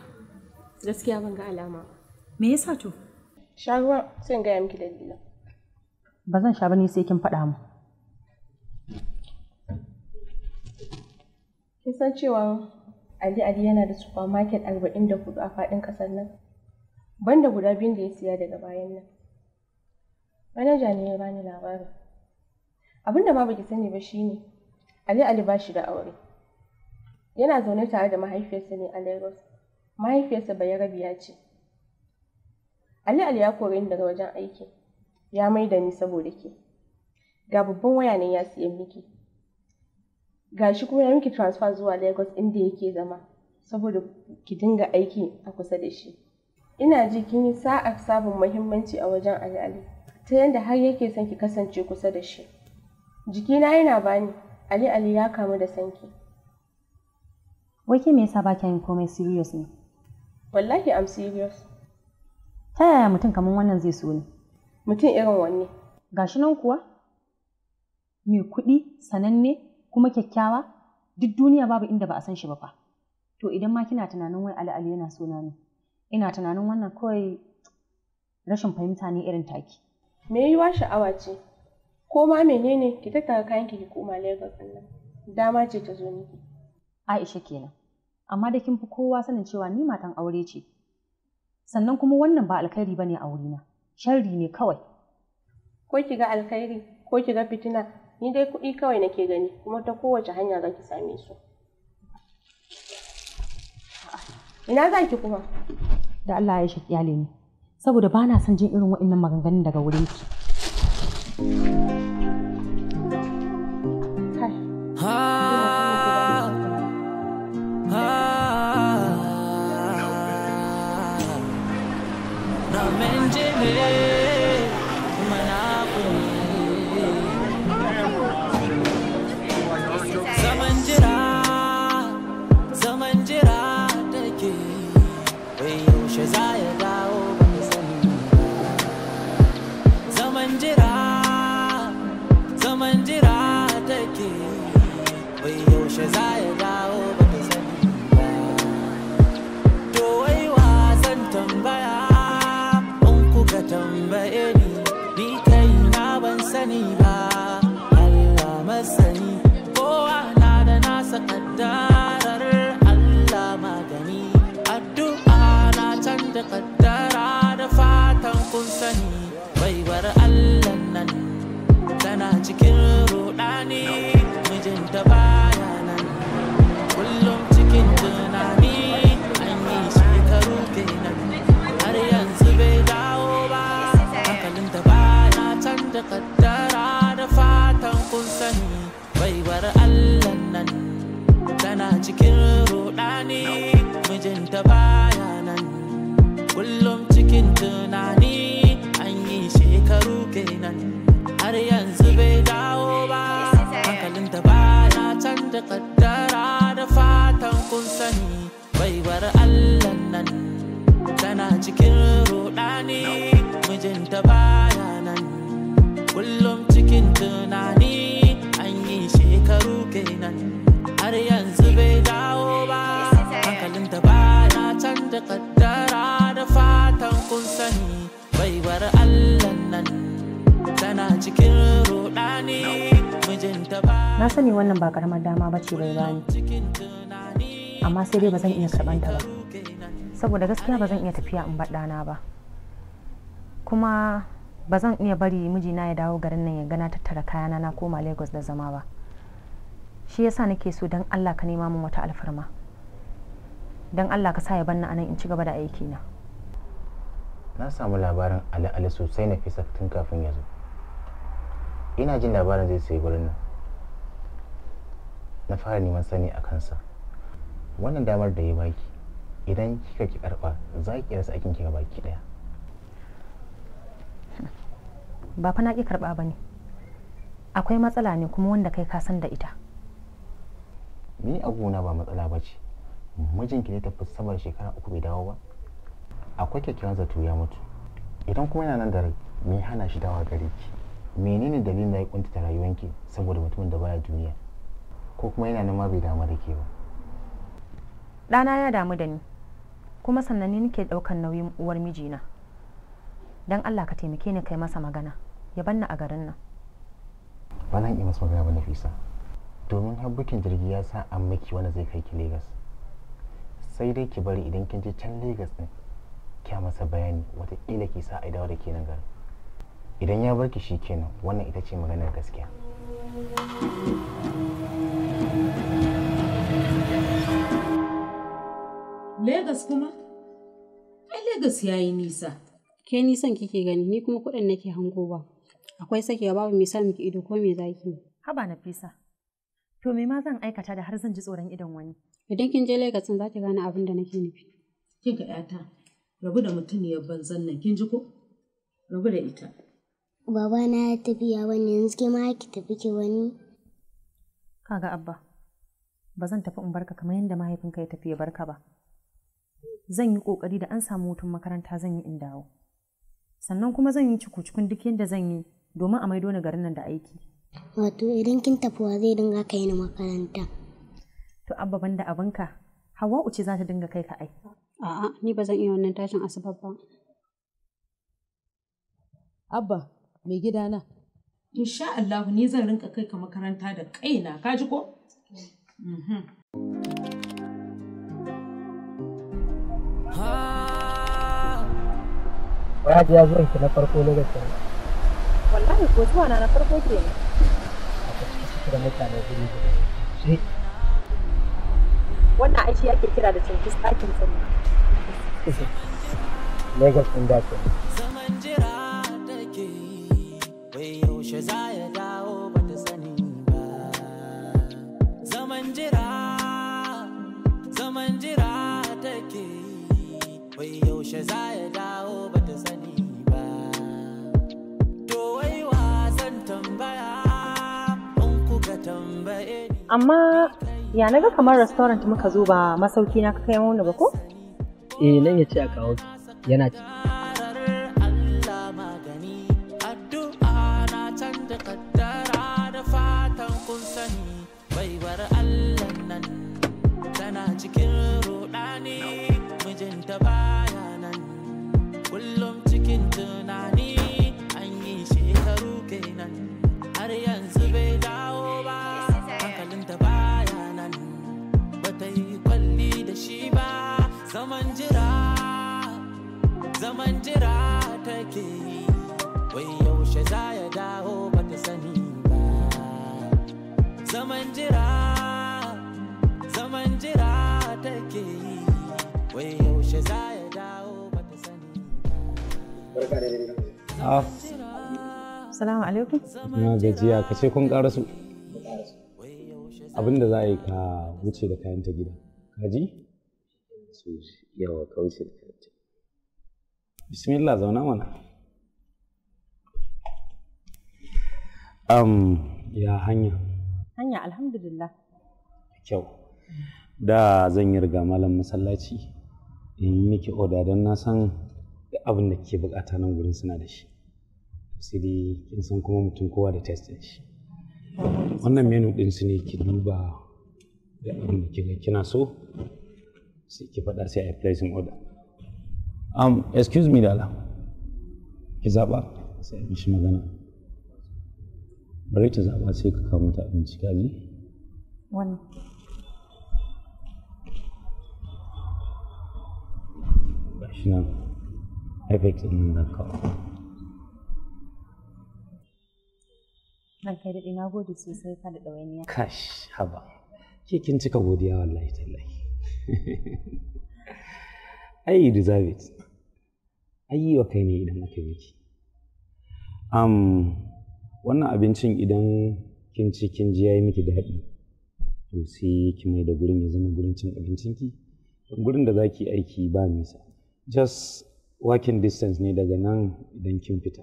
Gaskiya ban ga alama. Me yasa to? Sha sai ga gaya miki dalilan. Ba zan sha ba ni sai kin faɗa mu. Kin san cewa Ali Ali yana da supermarket arba'in da hudu a faɗin ƙasar nan, banda guda biyun da ya siya daga bayan nan. Manaja ne ya bani labarin. Abin ma baki sani ba shine, Ali Ali ba shi da aure. Yana zaune tare da mahaifiyarsa ne a Lagos. Mahaifiyarsa Bayarabiya ce. Ali Ali ya kore ni daga wajen aiki. Ya mai da ni saboda ke. Ga babban waya ne ya siya miki. gashi kuma ya miki transfer zuwa Lagos inda yake zama saboda ki dinga aiki a kusa da shi. Ina ji kin yi sa'a sabon muhimmanci a wajen Ali ta yadda har yake son ki kasance kusa da shi. Jikina yana bani Ali Ali ya kamu da sanki. Wai ke me yasa ba yin komai serious ne? Wallahi am serious. Ta yaya mutum kamar wannan zai so ni? Mutum irin wanne? Gashi nan kuwa? Me kuɗi sananne kuma kyakkyawa duk duniya babu inda ba a san shi ba fa to idan ma kina tunanin wai Ali yana suna ne ina tunanin wannan kawai rashin fahimta ne irin taki me yiwa sha'awa ce ko ma menene ki tattara kayan ki koma Lagos nan dama ce ta zo miki Aisha kenan amma da kin fi kowa sanin cewa ni matan aure ce sannan kuma wannan ba alkhairi ne a wurina sharri ne kawai ko ki ga alkhairi ko ki ga fitina ni dai kuɗi kawai nake gani kuma ta kowace hanya zaki same su ina zaki kuma da Allah ya shaƙi ne saboda ba na son jin irin waɗannan maganganun daga wurin ki cire bani amma sai dai ba zan iya ta ba saboda gaskiya ba zan iya tafiya in ba ɗana ba kuma ba zan iya bari mijina ya dawo garin nan ya gana tattara kayana na koma lagos da zama ba shi yasa nake so don allah ka nema min wata alfarma don allah ka sa ya banna anan in ci gaba da aiki na na samu labarin ali sosai na fisa tun kafin yanzu. ina jin labarin zai sai gurin nan na fara neman sani a kansa wannan damar da ya baki idan kika ki karba za ki rasa aikin kika baki daya ba fa na ki karba ba akwai matsala ne kuma wanda kai ka san da ita ni abuna ba matsala ba ce mijinki ne tafi saboda shekara uku bai dawo ba akwai kyakkyawan zato ya mutu idan kuma yana nan da rai me hana shi dawa gare ki menene dalilin da ya kuntata rayuwanki saboda mutumin da baya duniya ko kuma yana nema bai damu da ke ba ɗana ya damu da ni kuma sannan ni nake ɗaukan nauyin uwar mijina don allah ka taimake ni kai masa magana ya banna a garin nan ba na iya masa magana ba nafisa domin har bukin jirgi ya sa an maki wanda zai kai ki lagos sai dai ki bari idan kin je can lagos ɗin kya masa bayani watakila ki sa a dawo da ke nan garin idan ya barki shi kenan wannan ita ce maganar gaskiya Legas kuma? Ai Legas ya yi nisa. Ke nisan kike gani ni kuma kuɗin nake hangowa. Akwai sakewa babu mai sa miki ido ko mai zaki. Haba na fisa. To me ma zan aikata da har zan ji tsoron idon wani? Idan kin je Legas za ki gane abin da nake nufi. Kin ga ƴata, rabu da mutuniyar banzan nan kin ji ko? Rabu da ita. Baba na ya tafi ya wani yanzu ke ma ki tafi ki wani. Kaga Abba, ba zan tafi in barka kamar yadda mahaifinka ya tafi ya barka ba. zan yi ƙoƙari da an samu hutun makaranta zan yi in dawo sannan kuma zan yi cikin duk yadda zan yi domin a maido ni garin nan da aiki wato idan kin tafi wa zai dinga yi ni makaranta to abba banda abinka hawa uce za ta dinga kai ka ai a'a ni ba zan iya wannan tashin asuba ba abba mai gidana insha Allah ni zan rinka kai ka makaranta da kaina ka ji ko Mm-hmm. Rajiya zuwan ki na farko ne Wallahi ko zuwa na na farko ke ne. da mutane guri guri. Wannan aiki ake kira da cin ɗakin tsamma. Lagos ɗin da ke, za ya dawo ba ta sani ba to wai wasan tambaya in kuka tambaye amma ya naga kamar restaurant muka zo ba masauki na ka kai mana ba ko eh nan ya ce a kawo yana ci zaman take wai yaushe jira zaman wai yaushe ah. Salamu alaikum. Na gajiya ka ce kun ƙarasu. Abin da za a yi ka wuce da kayan ta gida. Kaji? Yawa ka wuce da kayan ta bismillah zauna mana um, ya hanya hanya alhamdulillah kyau da zan yi riga malam masallaci in miki oda don na san abin da ke bukata nan gurin suna da shi sai dai kin san kuma mutum kowa da test din shi wannan menu din su ne ki duba da abin da kina so sai ki faɗa sai a place placing order um, excuse me dala ki zaɓa sai in shi magana bari ta zaɓa sai ka kawo mata abinci kaji wannan shi nan effect ɗin nan kawo kai daɗi na gode sosai ka da ɗawainiya kash haba ke kin cika godiya wallahi tallahi (laughs) ai you deserve it ai yi wa kai ne idan aka yi miki um, wannan abincin idan kin ci kin ji yayi miki daɗi to sai ki mai da gurin ya zama gurin cin abincin ki, gurin da za ki aiki ba nisa just walking distance ne daga nan idan kin fita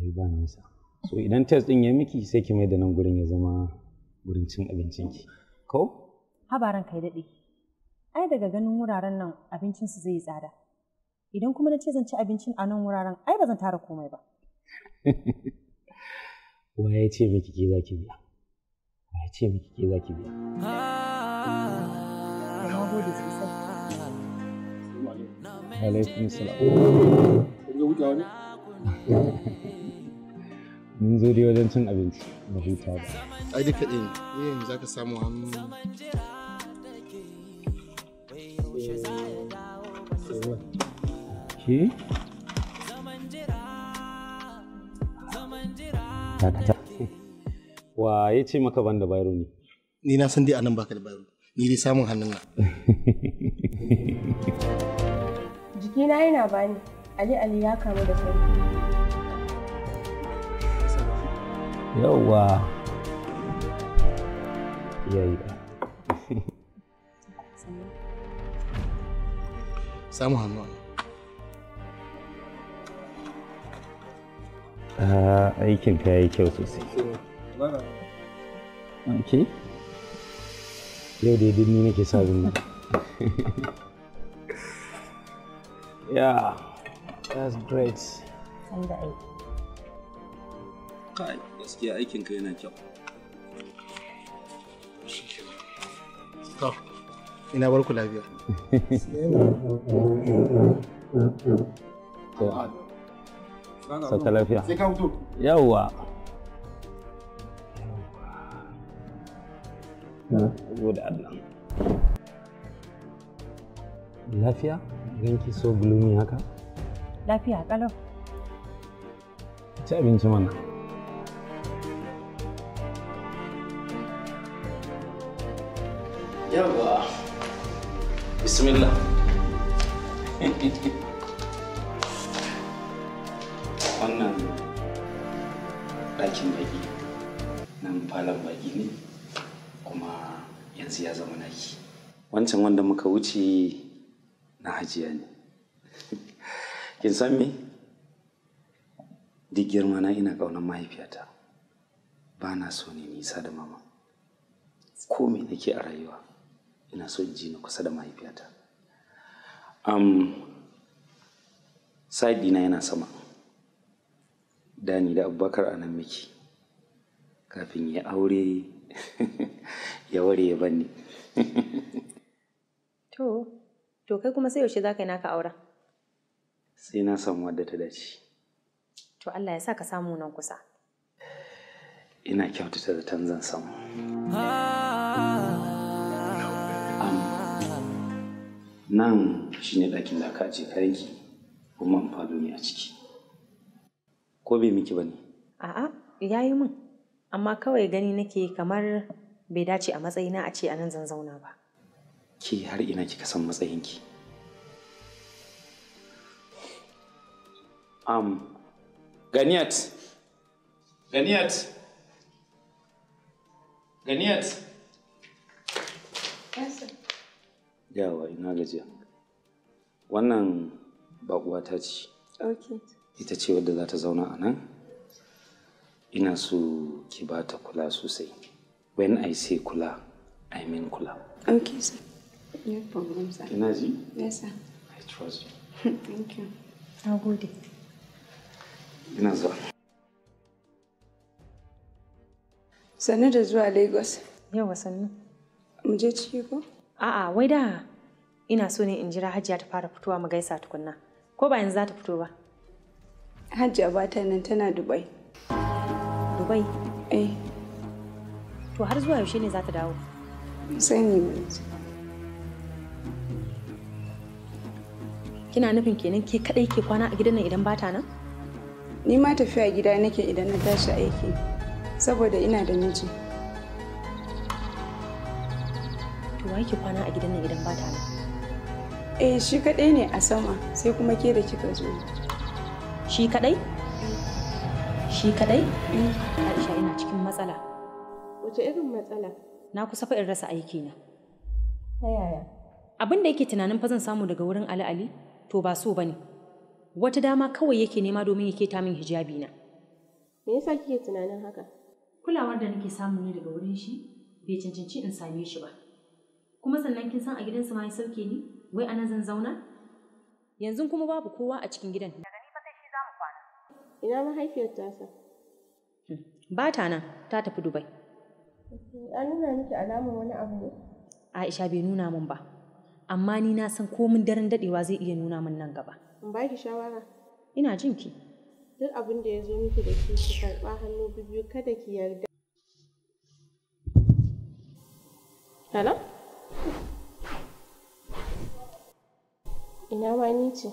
ai ba nisa so idan test din ya miki sai ki mai da nan gurin ya zama gurin cin abincin ki, ko habaran kai daɗi ai daga ganin wuraren nan abincinsu zai yi tsada idan kuma na ce zan ci abincin a nan wuraren ai ba zan tara komai ba (laughs) wa ya ce miki ke za ki biya wa ya ce miki ke za ki biya alaikum salam (laughs) mun zo dai wajen cin abinci ba huta ai duka ɗin yin za ka samu hannu Wa ya ce maka ban da bayro ne? Ni na san dai anan baka da bayro. Ni dai samun hannun na. (laughs) Jikina yana bani. Ali Ali ya kamu da sauki. Yawwa. Iyayi. samu hannu a ah, aikin ka yi kyau sosai ok yau da yadda ni nake sa zuma that's great kai gaskiya aikin ka yana kyau stop ina barku lafiya (laughs) sauka lafiya yawwa gode Allah lafiya ganki so gloomy haka lafiya kalau ci abinci mana yawwa الله wannan ɗakin baƙi nan falon baƙi ne kuma yanzu ya zama naki wancan wanda muka wuce na hajiya ne (laughs) kin san me duk girma na ina ƙaunar mahaifiyata ba na so ne nisa da mama ko me nake a rayuwa ina so in ji na kusa da mahaifiyata um, na yana sama dani da abubakar a nan miki kafin ya aure (laughs) ya ware ya banni (laughs) to to kai kuma sai yaushe za ka yi naka aura sai na samu wadda ta dace to allah ya sa ka samu nan kusa ina kyautata da tanzan samu ah. nan shine ɗakin da aka ajiye kayanki kuma in ne a ciki ko bai miki ba ne a'a ya yi min amma kawai gani nake kamar bai dace a matsayina a ce a nan zan zauna ba ke har ina kika san matsayinki am ganiyat ganiyat ganiyat yawa ina gajiya wannan baƙuwata ce ita ce wadda za ta zauna a nan ina so ki ba ta kula sosai when i say kula i mean kula okay sir no problem sir ina ji yes sir i trust you (laughs) thank you na gode ina zuwa sannu da zuwa lagos yawa sannu mu je ciki ko A'a, wai da ina so ne in jira Hajiya ta fara fitowa mu gaisa tukunna. Ko ba yanzu za ta fito ba? Hajiya ba ta nan tana Dubai. Dubai? Eh. To har zuwa yaushe ne za ta dawo? Sani ba. Kina nufin kenan ke kadai ke kwana a gidan nan idan ba ta nan? Ni ma tafiya gida nake idan na tashi aiki saboda ina da miji. wa yake kwana a gidan nan idan ba ta nan eh shi kadai ne a sama sai kuma ke da kika zo shi kadai mm. shi kadai mm. Aisha ina cikin matsala wace irin matsala na kusa fa in rasa aiki na ta yaya abin da yake tunanin fa zan samu daga wurin Ali Ali to ba so bane wata dama kawai yake nema domin yake ta min hijabi na me yasa kike tunanin haka kulawar da nake samu ne daga wurin shi bai cancanci in same shi ba kuma sannan kin san a gidansu ma ya sauke ni wai ana zan zauna yanzu kuma babu kowa a cikin gidan daga ni fa sai shi za mu kwana ina mahaifiyar tasa hmm. ba ta nan ta tafi dubai an nuna miki alamar wani abu ne aisha bai nuna min ba amma ni na san komin daren dadewa zai iya nuna min nan gaba in ki shawara ina jin ki duk abin da ya zo miki da ke ki karba hannu biyu kada ki yarda hello ina ma ni ce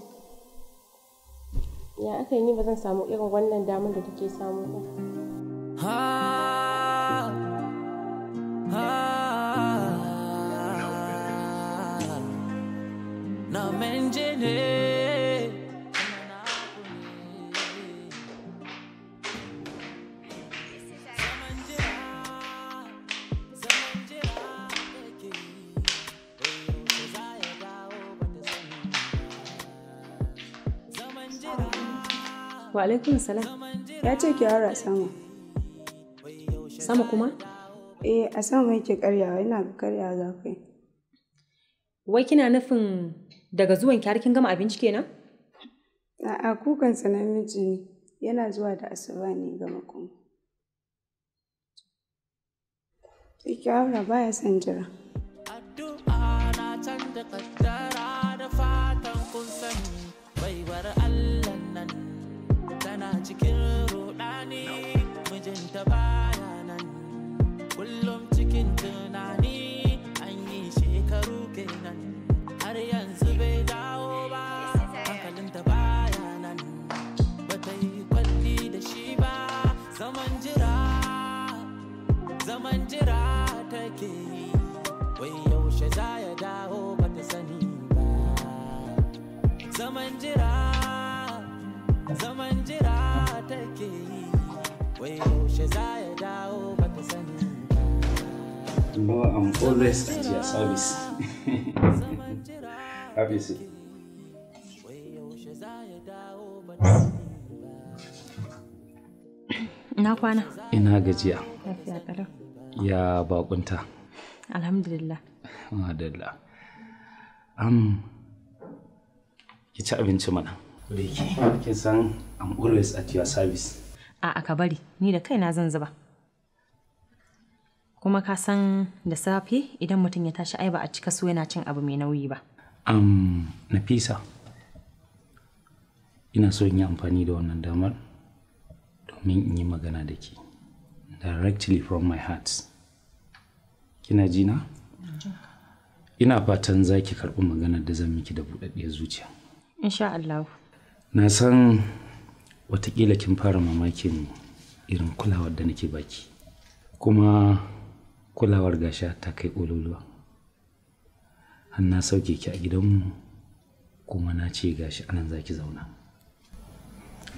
ya aka yi ni ba zan samu irin wannan damar da take samu ba na menje ne Wa alaikun salam. Ya ce ki haura sama. Sama kuma? Eh, a sama yake karyawa, ina ga karyawa za ku Wai kina nufin daga zuwan ki har kin gama abinci kenan? A'a, kukansa namiji ne. Yana zuwa da asuba ne gama kuma. Ki haura baya son jira. Addu'a na canza kullum cikin tunani an yi shekaru kenan har yanzu bai dawo ba hankalin ta baya nan bata yi kwalli da shi ba zaman jira zaman jira take yi wai yaushe za ya dawo bata sani ba zaman jira zaman jira take yi wai yaushe za ya dawo bata sani know I'm always at your service. Have you seen? Na kwana. Ina gajiya. Lafiya ƙalau. Ya bakunta. Alhamdulillah. Alhamdulillah. Am ki ci abinci mana. Riki, kin san I'm always at your service. A ka bari, ni da kaina zan zuba. kuma ka san da safe idan mutum ya tashi ai ba a cika so yana cin abu mai nauyi ba um, nafisa ina so in yi amfani da wannan damar domin in yi magana da ke directly from my heart kina ji ina fatan za ki karɓi magana da zan miki da buɗaɗɗiyar zuciya insha Allah na san watakila kin fara mamakin irin kulawar da nake baki kuma kulawar gasha ta kai ƙololuwa an na sauke ki a gidanmu kuma na ce gashi anan za ki zauna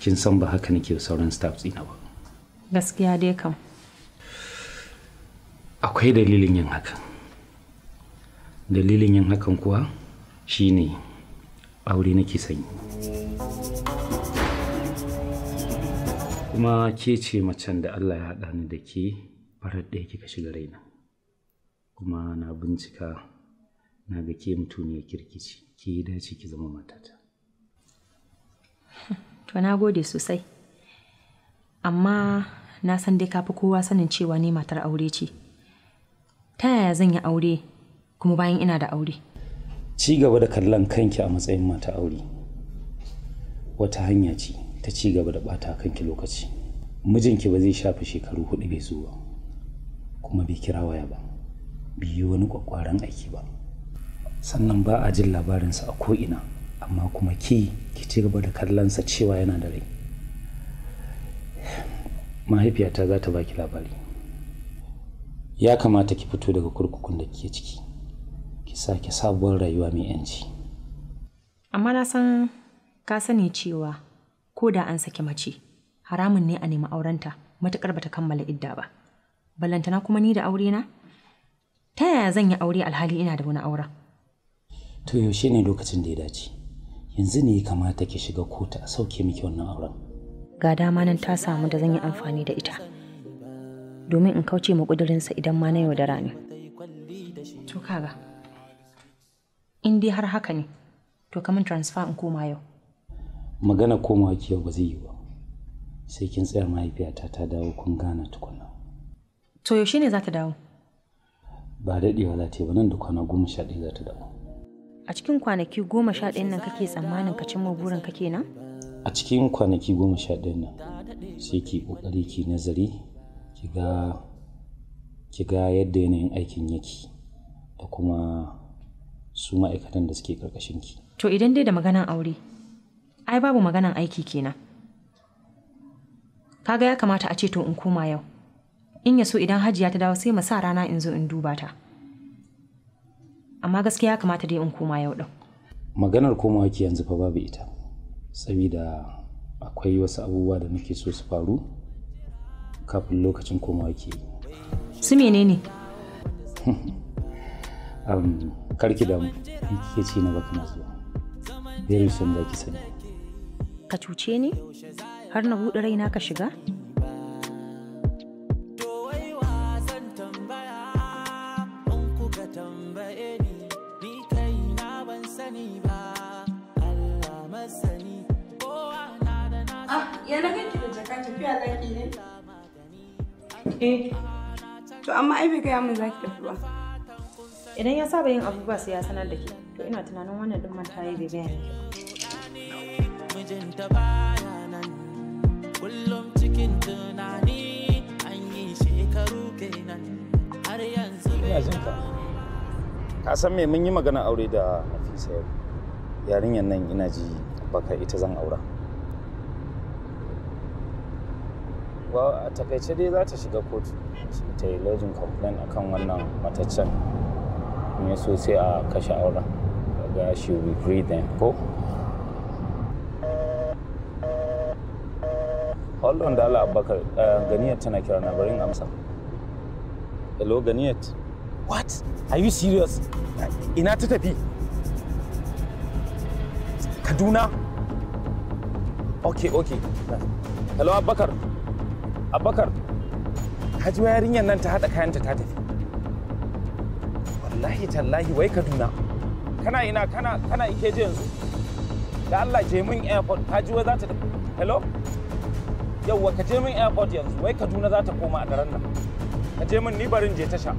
kin san ba haka nake sauran staff tsina ba gaskiya dai kam akwai dalilin yin hakan dalilin yin hakan kuwa shine aure nake sanyi kuma ke ce macen da allah ya haɗa ni da ke farar ɗaya kika shiga raina kuma na bincika na ga ke mutuniyar kirkici ke dace ki zama matata (laughs) to na gode sosai amma na san dai kafi kowa sanin cewa ne matar aure ce ta yaya zan yi aure kuma bayan ina da aure ci gaba da kallon kanki a matsayin mata aure wata hanya ce ta ci gaba da bata kanki lokaci mijinki ba zai shafe shekaru hudu bai zuwa kuma bai kira waya ba biyu wani kwakwaran aiki ba sannan ba a jin labarinsa a ko ina amma kuma ki ki ci gaba da kallonsa cewa yana da rai mahaifiyata za ta baki labari ya kamata ki fito daga kurkukun da ke ciki ki sake sabuwar rayuwa mai yanci amma na san ka sani cewa ko da an saki mace haramun ne a nemi aurenta matukar bata kammala idda ba balantana kuma ni da aurena ta yaya zan yi aure alhali ina da wani auren to yaushe ne lokacin da ya dace yanzu ne ya kamata ki shiga kotu a sauke miki wannan auren ga dama nan ta samu da zan yi amfani da ita domin in kauce ma sa idan ma na yaudara rani. to kaga in dai har haka ne to kamar transfer in koma yau magana komawa ki yau ba zai yi ba sai kin tsaya mahaifiyata ta dawo kun gana tukuna to yaushe ne za ta dawo ba daɗewa za ta ba nan da kwana goma sha ɗaya za ta dawo a cikin kwanaki goma sha ɗaya nan kake tsammanin ka cimma burin ka kenan a cikin kwanaki goma sha ɗaya nan sai ki ƙoƙari ki nazari ki ga ki ga yadda yanayin aikin yake da kuma su ma'aikatan da suke ƙarƙashin ki to idan dai da maganan aure ai babu maganan aiki kenan kaga ya kamata a ce to in koma yau in ya so idan hajiya ta dawo sai mu sa rana in zo in duba ta amma gaskiya ya kamata dai in koma yau din maganar koma ki yanzu fa babu ita saboda akwai wasu abubuwa da nake so su faru kafin lokacin koma ki su menene (laughs) um, karki da mu kike ci na baka masu very soon za ki sani ka cuce ni har na buɗe raina ka shiga Eh. To amma ai bai gaya min za ki tafi ba. Idan ya saba yin abubuwa sai ya sanar da ke. To ina tunanin wannan din manta ya bai gaya miki. Mijinta baya kullum cikin tunani an yi shekaru kenan ka san me mun yi magana aure da Nafisa yau yarinyar nan ina ji baka ita zan aura a takaice dai za ta shiga kotu ta yi lodging complaint akan wannan mataccen ne so sai a kashe auren daga she will be ko hold on da Allah Abubakar eh, tana kira na barin amsa hello ganiyar. what are you serious ina ta tafi kaduna okay okay hello Abubakar abakar hajima yarinyar nan ta haɗa kayanta ta tafi wallahi tallahi wai kaduna kana ina kana kana ike je yanzu da Allah je min airport ka wai za ta hello yawwa ka je min airport yanzu wai kaduna za ta koma a daren nan ka je min ni barin je tasha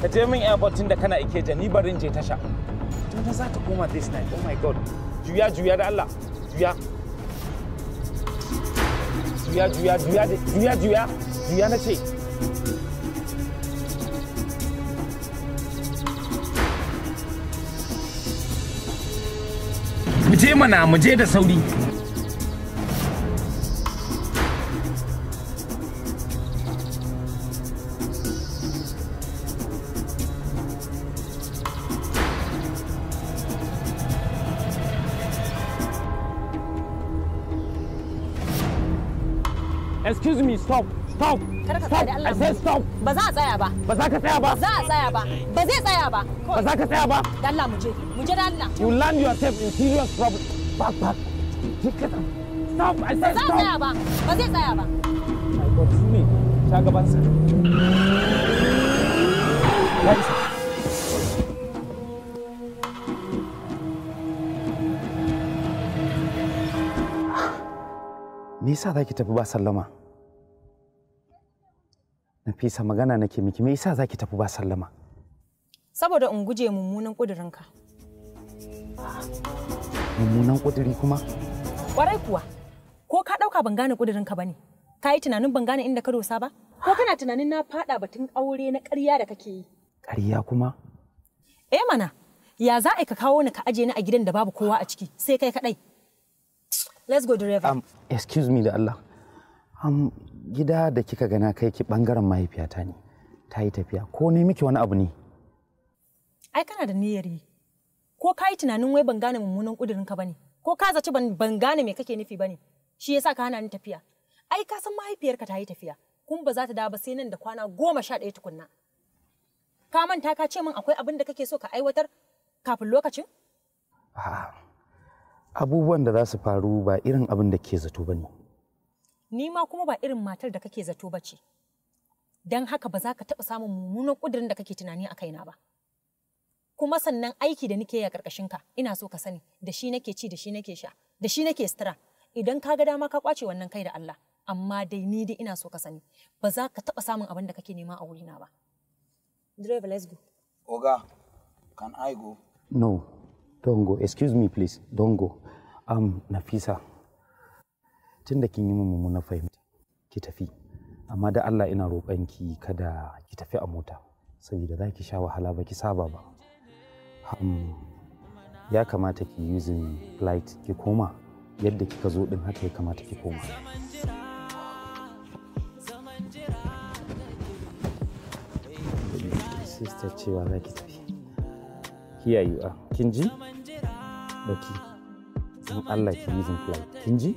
ka je min airport tun da kana ikeja ni barin je tasha kaduna za ta koma this night oh my god juya juya da Allah juya juya juya juya juya juya juya na ce mu je mana mu je da sauri stop stop stop I say stop ba za a tsaya ba ba za ka tsaya ba za a tsaya ba ba zai tsaya ba ba za ka tsaya ba da Allah mu je mu je da Allah you land yourself in serious trouble back back ticket stop I say stop ba za a tsaya ba ba zai tsaya ba my god me sha gaban sa Nisa me yasa za ki tafi ba sallama Nafisa magana nake miki me yasa zaki tafi ba sallama? Saboda in guje mummunan ƙudurinka. Mummunan ƙuduri kuma? Ƙwarai kuwa, ko ka ɗauka ban gane ƙudurinka ba ne? Ka yi tunanin ban gane inda ka dosa ba? Ko kana tunanin na faɗa batun aure na ƙarya da kake yi? Ƙarya kuma? Eh mana, ya za a ka kawo ni ka aje ni a gidan da babu kowa a ciki sai kai kaɗai. Let's go river. Um, excuse me da Allah. Um, gida da kika gana kai ki bangaren mahaifiyata ne ta yi tafiya ko ne miki wani abu ne ai kana da niyyar yi ko ka yi tunanin wai ban gane mummunan kudirin ka bane ko ka zaci ban gane me kake nufi bane shi yasa ka hana ni tafiya ai ka san mahaifiyarka ta yi tafiya kun ba za ta dawo ba sai nan da kwana goma sha ɗaya tukunna ka manta ka ce min akwai abin da kake so ka aiwatar kafin lokacin abubuwan da za su faru ba irin abin da ke zato ba ne ni ma kuma ba irin matar da kake zato ba ce don haka ba za ka taɓa samun mummunan ƙudurin da kake tunani a kaina ba kuma sannan aiki da nake yi a ka ina so ka sani da shi nake ci da shi nake sha da shi nake sutura idan ka ga dama ka kwace wannan kai da Allah amma dai ni dai ina so ka sani ba za ka taɓa samun abin da kake nema a wurina ba driver let's go oga can i go no don't go excuse me please don't go um nafisa tun da kin yi min mummuna fahimta ki tafi amma da Allah ina roƙon ki kada ki tafi a mota saboda za ki sha wahala ba ki saba ba ya kamata ki using flight ki koma yadda kika zo din haka ya kamata ki koma sister cewa za ki tafi kiyayewa kin ji da Allah ki using flight kin ji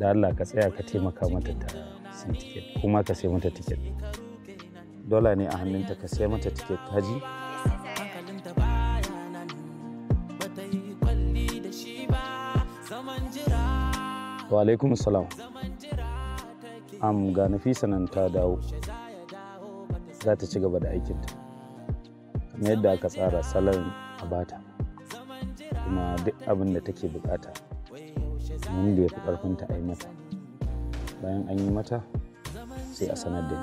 da Allah ka tsaya ka taimaka mata ta sai tiket kuma ka sai mata tiket dola ne a hannunta ka sai mata tiket haji wa alaikum salam am ga nafisa nan ta dawo za ta ci gaba da aikinta kamar yadda aka tsara salon a bata kuma duk abin da take bukata wanda ya fi ƙarfinta a yi mata bayan an yi mata sai a sanar da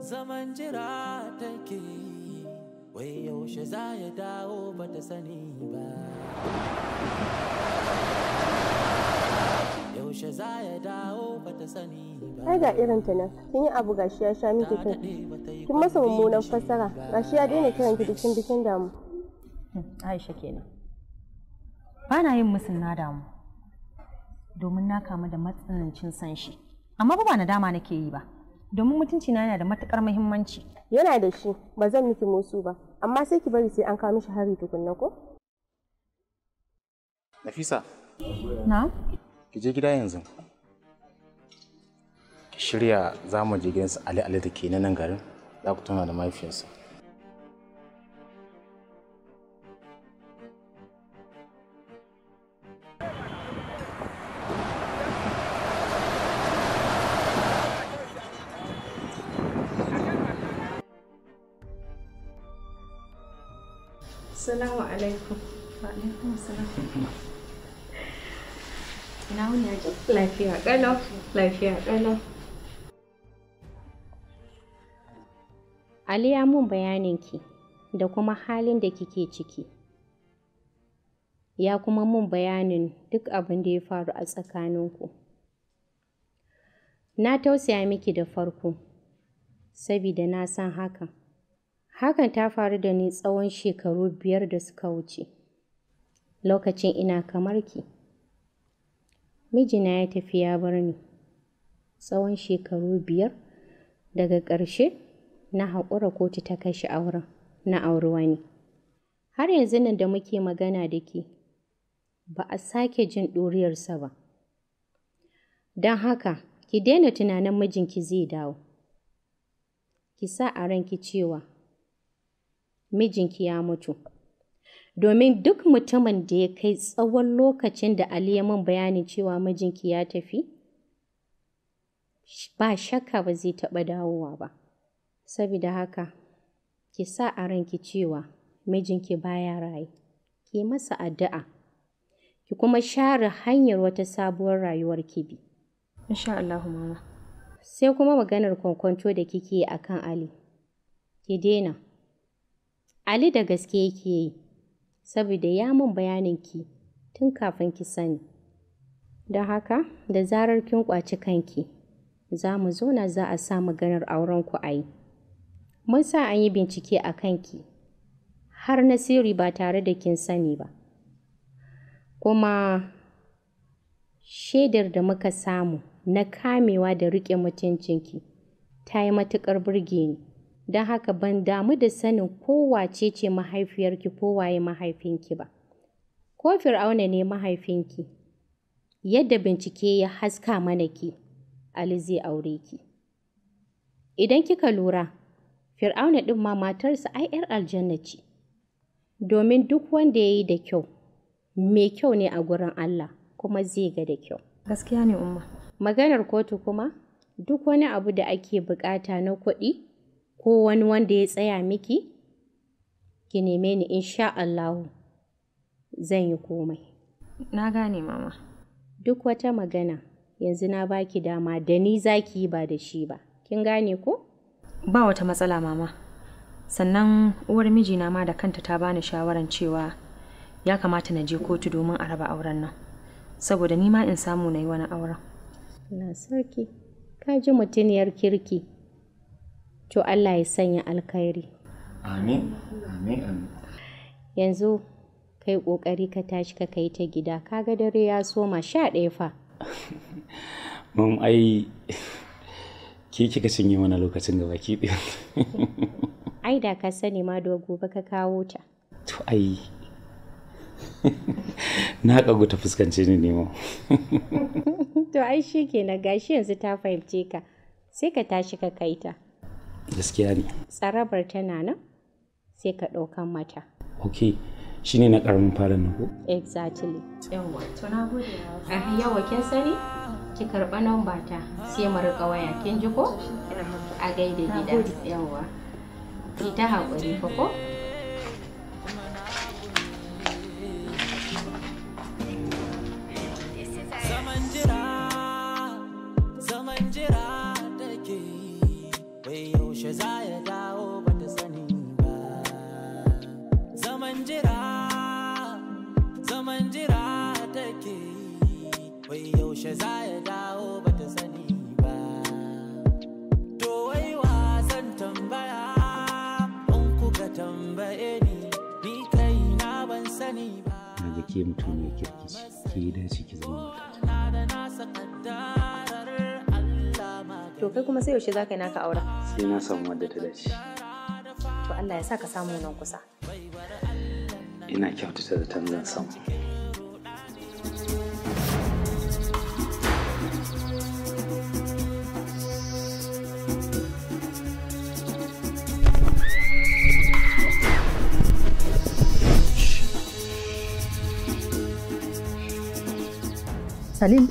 zaman jira take wai yaushe za ya dawo ba ta sani ba yaushe za ya dawo ba ta sani ba ai ga irin ta nan kin yi abu gashi ya sha miki kai kin masa mummunan fasara gashi ya daina kiran ki dukin dukin damu hmm, Aisha kenan ba na yin musun na damu domin na kamu da matsanancin san shi amma ba na dama nake yi ba domin mutunci na yana da matukar muhimmanci yana da shi ba zan miki musu ba amma sai ki bari sai an kawo mishi hari tukunna ko Nafisa na ki je gida yanzu ki shirya za mu je gidansa Ali Ali da ke nan garin za ku tuna da mahaifiyarsa السلام alaikum. Wa alaikum assalam. Ina wuni yake? lafiya Ali ya mun bayaninki da kuma halin da kike ciki. Ya kuma mun bayanin duk abin da ya faru a tsakaninku. Na tausaya miki da farko, sabida na san hakan. Hakan ta faru da ni tsawon shekaru biyar da suka wuce. Lokacin ina kamar ki. Mijina ya tafi ya bar ni. Tsawon shekaru biyar daga ƙarshe na haƙura kotu ta kashe auren na auri wani. Har yanzu nan da muke magana da ke ba a sake jin ɗuriyarsa ba. Don haka ki daina tunanin mijinki zai dawo. Ki sa a ranki cewa mijinki ya mutu. Domin duk mutumin da ya kai tsawon lokacin da Ali ya min bayanin cewa mijinki ya tafi, ba shakka ba zai taɓa dawowa ba. Saboda haka, ki sa a ranki cewa mijinki baya raye, ki masa addu'a, ki kuma share hanyar wata sabuwar rayuwar ki bi. Insha Allah Sai kuma maganar kwankwanto da kike yi akan Ali. Ki daina. Ali da gaske yake yi, saboda ya mun ki tun kafin ki sani. Da haka, da zarar kin ƙwaci kanki, za mu zauna za a sa maganar auren ku ayi. Mun sa an yi bincike a kanki, har na ba tare da kin sani ba. Kuma shaidar da muka samu na kamewa da riƙe mutuncinki ta yi matuƙar burge ni. Don haka ban damu da sanin ko wace ce mahaifiyarki ko mahaifinki ba. Ko Fir'auna ne mahaifinki, yadda bincike ya haska mana ki, Ali zai aure ki. Idan kika lura, Fir'auna ɗin ma matarsa ai ‘yar aljanna ce, domin duk wanda ya yi da kyau, mai kyau ne a gurin Allah kuma zai ga da kyau. Gaskiya ne, Umma. Maganar kotu kuma, duk wani abu da ake bukata na kuɗi ko wani wanda ya tsaya miki, ki neme ni insha Allahu zan yi komai. Na gane mama. Duk wata magana yanzu na baki dama da ni za ki yi ba da shi ba. Kin gane ko? Ba wata matsala mama. Sannan uwar mijina ma da kanta ta bani shawaran cewa ya kamata na je kotu domin a raba auren nan. Saboda ni ma in samu na yi wani auren. Na sarki, ka ji mutuniyar kirki. to Allah ya sanya alkhairi amin amin amin yanzu kai kokari ka tashi ka kai ta gida kaga dare ya soma sha ɗaya fa (laughs) mun ai ke kika cinye mana lokacin gaba ki (laughs) ai da ka sani ma da gobe ka kawo ta to ai (laughs) na kago ta fuskance ni nemo to ai shi ke na gashi yanzu ta fahimce ka sai ka tashi ka kai ta gaskiya ne tsarabar tana nan sai ka ɗaukan mata ok ne na ƙaramin fara na ko exactly yawa to na gode yawa kin sani ki karɓa nan ba ta sai mu riƙa waya kin ji ko a gaida gida yawa ki ta haƙuri fa ko yaushe za ka yi naka aura? Sai na samu wadda ta dace. To Allah ya sa ka samu nan kusa. Ina kyautata da tan zan samu. Salim,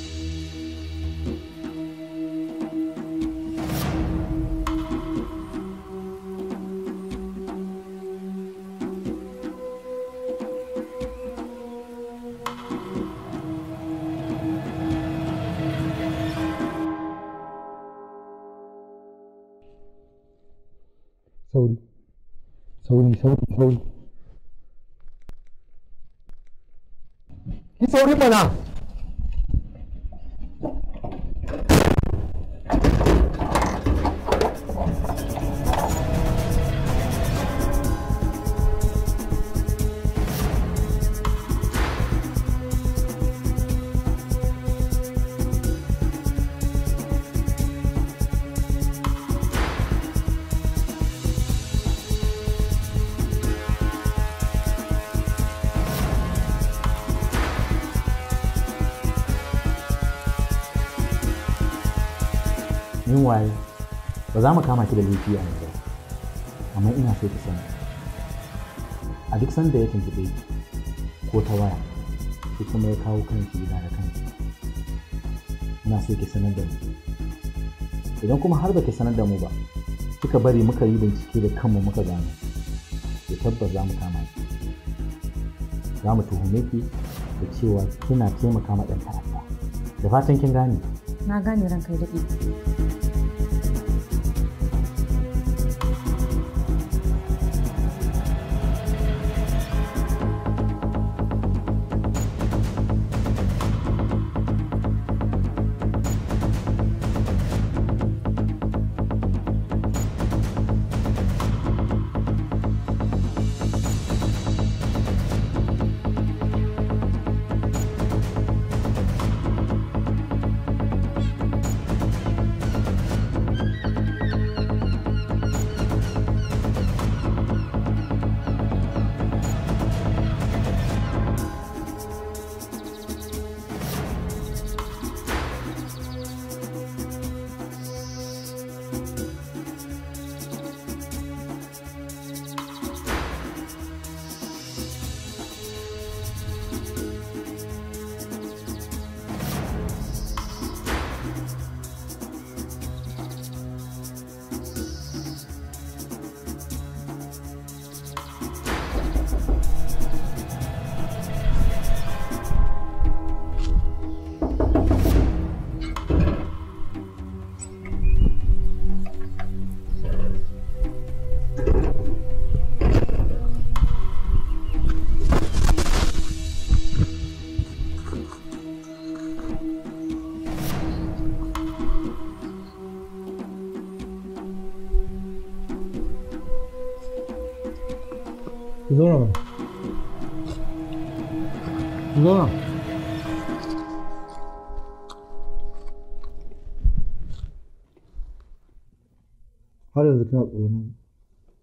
ثواني ثواني ثواني. كيف أوريك أنا؟ mu waye ba za mu kama ki da laifi a yanzu amma ina so ki sani a duk sanda ya tuntube ki ko ta waya ki kuma ya kawo kanki gida da kanki ina so ki sanar da mu idan kuma har ba ki sanar da mu ba kika bari muka yi bincike da kanmu muka gano ki tabbas za mu kama ki za mu tuhume ki da cewa kina taimaka ma ɗan ta'adda da fatan kin gane na gane ranka da daɗi Да. Har yanzu kana tsoron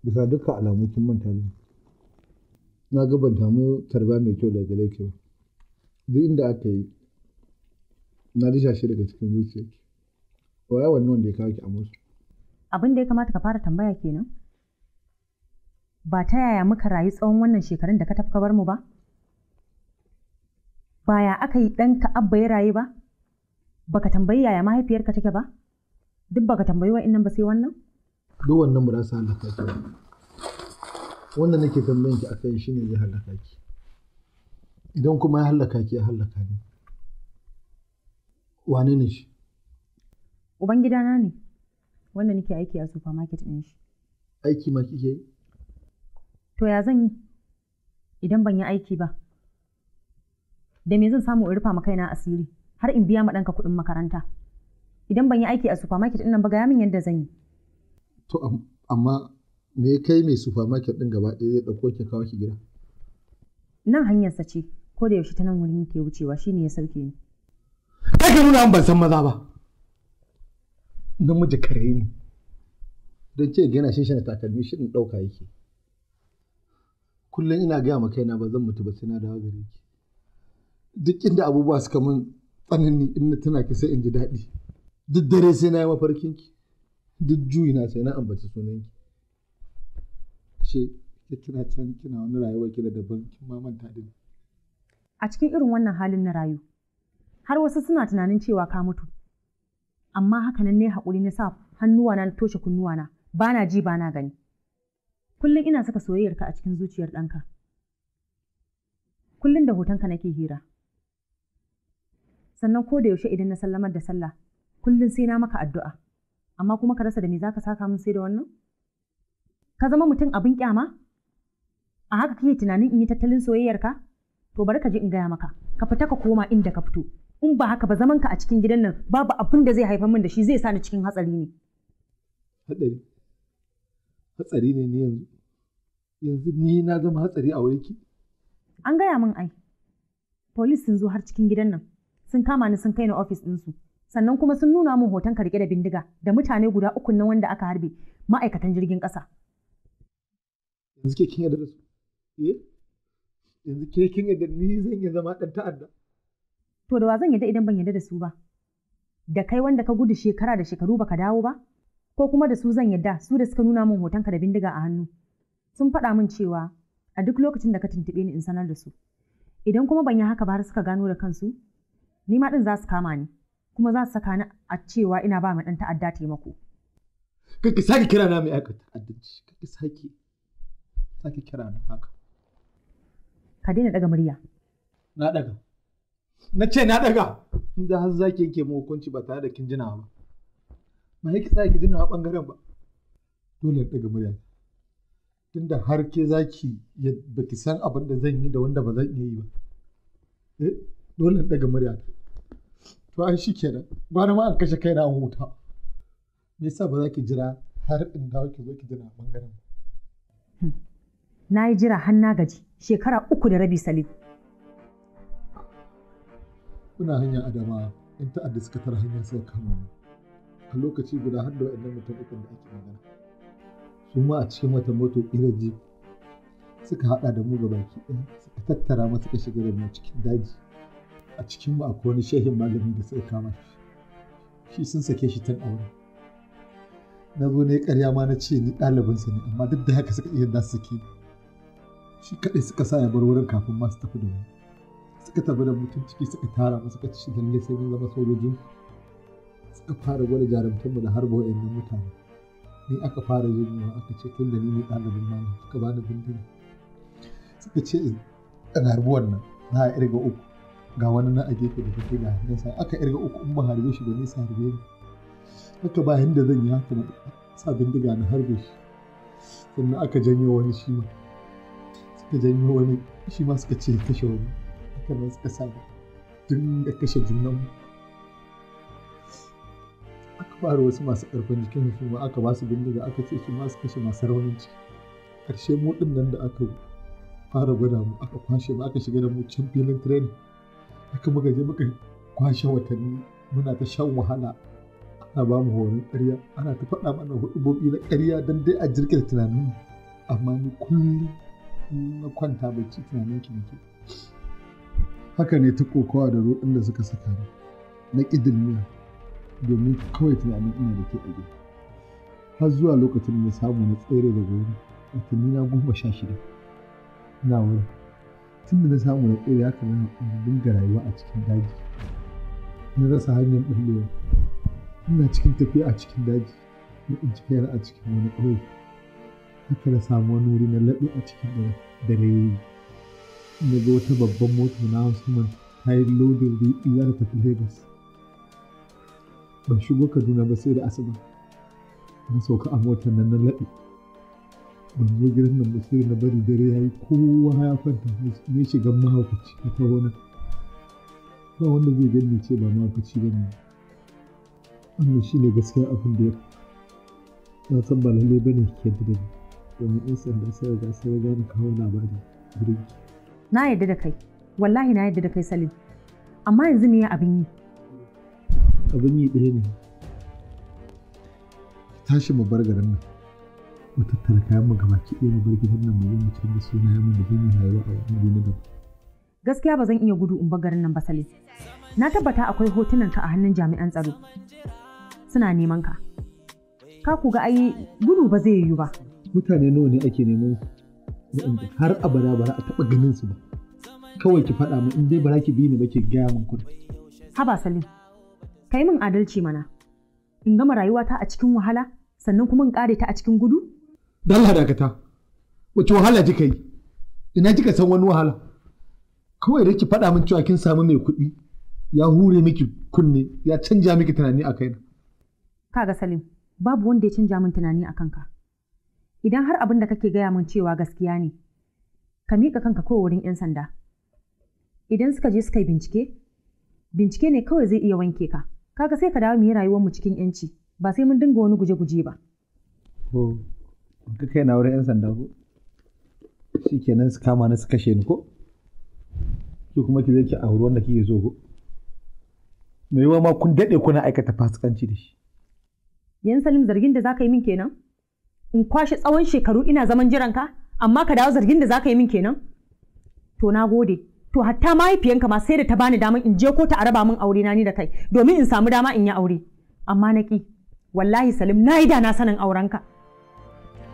bisa dukkan alamu kin manta ne Na ga ban samu tarba mai kyau daga gare ki Duk inda aka yi na risha shi daga cikin zuciyarki. Waya wannan wanda ya kawo ki a musu. Abin da ya kamata ka fara tambaya kenan? Ba ta yaya muka rayu tsawon wannan shekarun da ka tafi ka bar mu ba? baya aka yi ɗanka abba ya rayu ba baka tambayi yaya mahaifiyarka take ba duk baka tambayi wa'annan ba sai wannan duk wannan ba za su halaka ki wanda nake tambayin ki akai shine zai halaka ki idan kuma ya halaka ki ya halaka ni wane ne shi ubangidana ne wanda nake aiki a supermarket ɗin shi aiki ma kike yi to ya zan yi idan ban yi aiki ba da me zan samu in rufa ma kaina asiri har in biya ma danka kuɗin makaranta idan ban yi aiki a supermarket ɗin nan ba ga min yadda zan yi to amma me kai mai supermarket ɗin gaba ɗaya zai ɗauko ki kawo ki gida nan hanyarsa ce ko da yaushe ta nan wurin ke wucewa shine ya sauke ni kake nuna ban san maza ba namiji kare ni don ce gina shi shine takalmi shi ɗauka yake kullum ina gaya ma kaina ba zan mutu ba sai na dawo gare ki duk inda abubuwa suka min tsanani in na tana ki sai in ji daɗi duk dare sai na yi mafarkin ki duk juyi na sai na ambaci sunan ki ashe ki kina can kina wani rayuwar ki da daban kin ma manta da a cikin irin wannan halin na rayu har wasu suna tunanin cewa ka mutu amma hakanan nan ne haƙuri na sa hannuwana na toshe kunnuwana ba na ji ba na gani kullum ina saka soyayyarka a cikin zuciyar ɗanka kullum da hotonka nake hira sannan ko da yaushe idan na sallamar da sallah kullum sai na maka addu'a amma kuma ka rasa da me zaka saka min sai da wannan ka zama mutum abin kyama a haka kake tunanin in yi tattalin soyayyarka to bari ka ji in gaya maka ka fita ka koma inda ka fito in ba haka ba zaman ka a cikin gidan nan babu abin da zai haifar min da shi zai sa ni cikin hatsari ne hatsari hatsari ne ni yanzu yanzu ni na zama hatsari a wurinki an gaya min ai police sun zo har cikin gidan nan sun kama ni sun kai ni ofis ɗinsu sannan kuma sun nuna min hoton karke da bindiga da mutane guda uku na wanda aka harbe ma'aikatan jirgin ƙasa. yanzu ke kin yarda da su eh yanzu ke kin yadda ni zan yi zama ɗan ta'adda to da wa zan yadda idan ban yarda da su ba da kai wanda ka gudu shekara da shekaru baka dawo ba ko kuma da su zan yarda su da suka nuna min ka da bindiga a hannu sun faɗa min cewa a duk lokacin da ka tuntuɓe ni in sanar da su idan kuma ban yi haka ba har suka gano da kansu ni ma din za su kama ni kuma za su saka ni a cewa ina ba ma dan ta'adda taimako. ki sake kira na mai aka ta'addanci, ki sake sake kira na haka. Ka daina daga murya. Na daga. Na ce na In Inda har za yake mu hukunci ba tare da kin jina ba. Ma yake sa ki jina a bangaren ba. Dole na daga murya. Tunda har ke za ki ba ki san abin da zan yi da wanda ba zan iya yi ba. Eh, dole na daga murya. to ai shi kenan gwara ma an kashe kaina an huta me yasa ba za ki jira har in dawo ki zo ki jira bangaren hmm. na yi jira har na gaji shekara uku da rabi salim kuna hanyar adama in ta'adda suka tara hanyar sai kama a lokaci guda har da waɗannan mutum ukun da ake magana su ma a cikin wata moto ƙirar suka haɗa da mu ga baki ɗaya suka tattara masu kashe garin mu cikin daji a cikin mu akwai wani shehin malami da suka kama shi shi sun sake shi tun aure na zo ne karya ma na ce ni ɗalibinsa ne amma duk da haka suka iya da suke shi kaɗai suka sa ya bar wurin kafin ma su tafi da mu suka tafi da mutum ciki suka tara mu suka ci lalle sai mun zama sojojin suka fara gwada jarumtar mu da harba wa'annan mutane ni aka fara jin aka ce tun da ni ne ɗalibin malam suka bani bindiga suka ce ina harbuwan nan na irga uku ga wani na a gefe da kake ga hannun sa aka irga uku in ba harbe shi ba ne sa harbe ni haka ba yanda zan yi haka na sa bindiga na harbe shi sannan aka janyo wani shi ma suka janyo wani shi ma suka ce kashe wani haka nan suka sa tun da kashe junan mu aka fara wasu masu karfin jikin su ma aka ba su bindiga aka ce su ma su kashe masu raunin ciki ƙarshe mu nan da aka fara gwada mu aka kwashe mu aka shiga da mu can filin training haka muka je muka kwashe watanni muna ta shan wahala ana ba mu horon ƙarya ana ta faɗa mana hudubobi na ƙarya don dai a jirgin tunanin amma ni kullum na kwanta bacci tunanin ki nake haka ne ta kokawa da roɗin da suka saka ni na ƙidilmiya domin kawai tunanin ina da ke ɗage har zuwa lokacin da na samu na tsere daga wuri watanni na goma sha shida Na wurin tun da na samu na tsere haka na dinga rayuwa a cikin daji na rasa hanyar ɓullewa ina cikin tafiya a cikin daji na ci a cikin wani ƙauye haka na samu wani wuri na laɓe a cikin da dare na ga wata babban mota na musamman ta yi lodin riɗi za ta tafi lagos ban shigo kaduna ba sai da asuba na sauka a motar nan na laɓe ban zo gidan nan ba sai na bari dare ya yi kowa ya kwanta ne shigan mahaukaci a ta wani ba wanda zai gani ce ba mahaukaci ba ne wannan shi ne gaskiya abin da ya na san ba lalle ba ne ke da ni domin in sanda sai riga sai riga na kawo labari gurin na yarda da kai wallahi na yarda da kai salim amma yanzu me abin yi abin yi ɗaya ne tashi mu bar garin nan mu tattara kayan mu gaba ɗaya mu bar gidan nan mu yi mu canza sunayen mu da zai yi a wani gari na gaba. Gaskiya ba zan iya gudu in bar garin nan ba Sale. Na tabbata akwai hotunan ka a hannun jami'an tsaro. Suna neman ka. Ka ku ga ai gudu ba zai yiwu ba. Mutane nawa ne ake neman su? Waɗanda har abada ba za a taɓa ganin su ba. Kawai ki faɗa min in dai ba za ki bi ni ba ki gaya min kuɗi. Haba Salim, ka yi min adalci mana. In gama rayuwata a cikin wahala sannan kuma in ƙare ta a cikin gudu? dalla dakata wace wahala kika yi ina kika san wani wahala kawai da ki faɗa min cewa kin samu mai kuɗi ya hure miki kunne ya canja miki tunani a kaina kaga salim babu wanda ya canja min tunani a kanka idan har abin da kake gaya min cewa gaskiya ne ka miƙa kanka ko wurin 'yan sanda idan suka je suka yi bincike bincike ne kawai zai iya wanke ka kaga sai ka dawo mu yi rayuwar mu cikin 'yanci ba sai mun dinga wani guje-guje ba. Oh. ka kai na wurin 'yan sanda ko shi kenan su kama ni su kashe ni ko ki kuma ki zai ki auri wanda kike so ko me yawa ma kun daɗe kuna aikata fasikanci da shi yan salim zargin da zaka yi min kenan in kwashe tsawon shekaru ina zaman jiranka amma ka dawo zargin da zaka yi min kenan to na gode to hatta mahaifiyanka ma sai da ta bani damar in je ko ta araba min aure na ni da kai domin in samu dama in yi aure amma na ki wallahi salim na yi da na sanin aurenka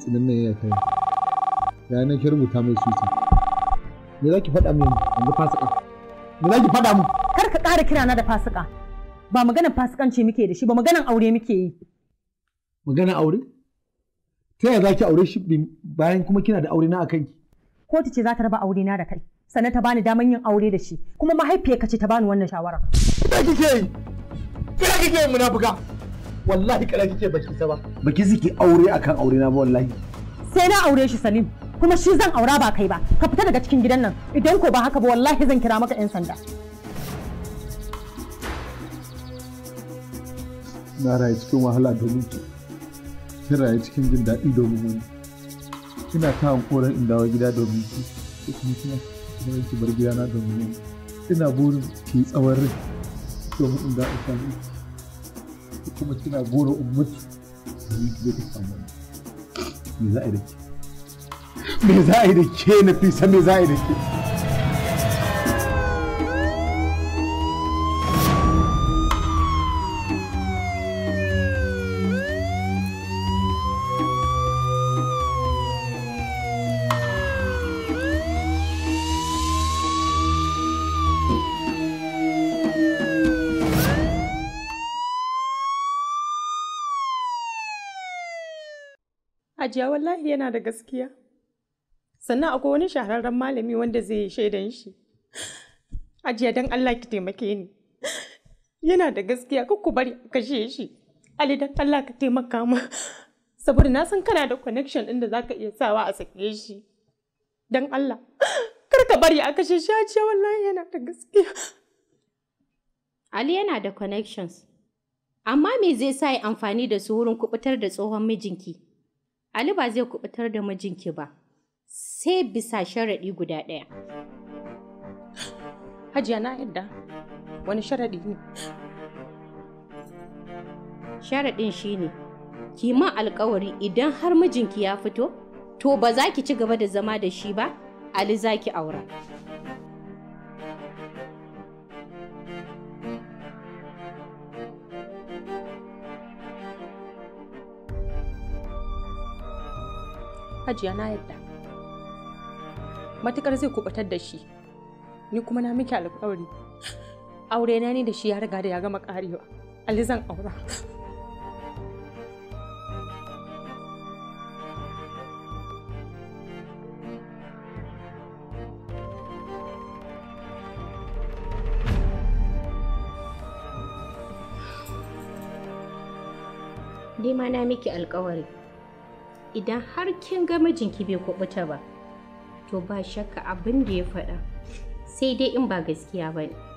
tsinin mai ya kai ya na ki rubuta mai suci me za ki faɗa min yanzu fasika me za ki faɗa mu kar ka ƙara kira na da fasika ba maganar fasikanci muke da shi ba maganar aure muke yi maganar aure ta yaya za ki aure shi bayan kuma kina da aure na akan ki? kotu ce za ta raba aure na da kai sannan ta bani daman yin aure da shi kuma mahaifiyarka ce ta bani wannan shawara kike yi kike yi munafuka wallahi kala kike baki ta ba baki ziki aure akan aure na ba wallahi sai na aure shi Salim kuma shi zan aura ba kai ba ka fita daga cikin gidan nan idan ko ba haka ba wallahi zan kira maka yan sanda na rayu cikin wahala domin ki ki rayu cikin jin daɗi domin wani kina ta hankoran in dawo gida domin ki kuma kina kuma ki bar gida na domin wani ina burin ki tsawon rai domin in daɗa samu ko kuma kina goro in mutu ni zai ki samu me za a yi da ke me za a yi da ke na sa me za a yi da ke hajiya wallahi yana da gaskiya sannan akwai wani shahararren malami wanda zai shaidan shi Ajiya don allah ki taimake ni yana da gaskiya kar ku bari kashe shi ali don allah ka taimaka ma saboda na san kana da connection ɗin da zaka iya sawa a sake shi don allah kar ka bari a kashe shi ajiya wallahi yana da gaskiya ali yana da connections amma me zai sa yi amfani da su wurin kubutar da tsohon mijinki Ali ba zai kubutar da mijinki ba, sai bisa sharaɗi guda ɗaya. Hajiya na yadda wani sharaɗi ne. Sharaɗin shi ne, ki ma alkawari idan har mijinki ya fito, to ba za ki ci gaba da zama da shi ba, Ali za ki aura. hajiya na yadda matukar zai kubatar da shi ni kuma na miki alƙawari aure na ni da shi ya riga da ya gama karewa alizan aura Dima na miki alkawari idan har kin ga mijinki bai kubuta ba to ba shakka abin da ya faɗa sai dai in ba gaskiya ba ne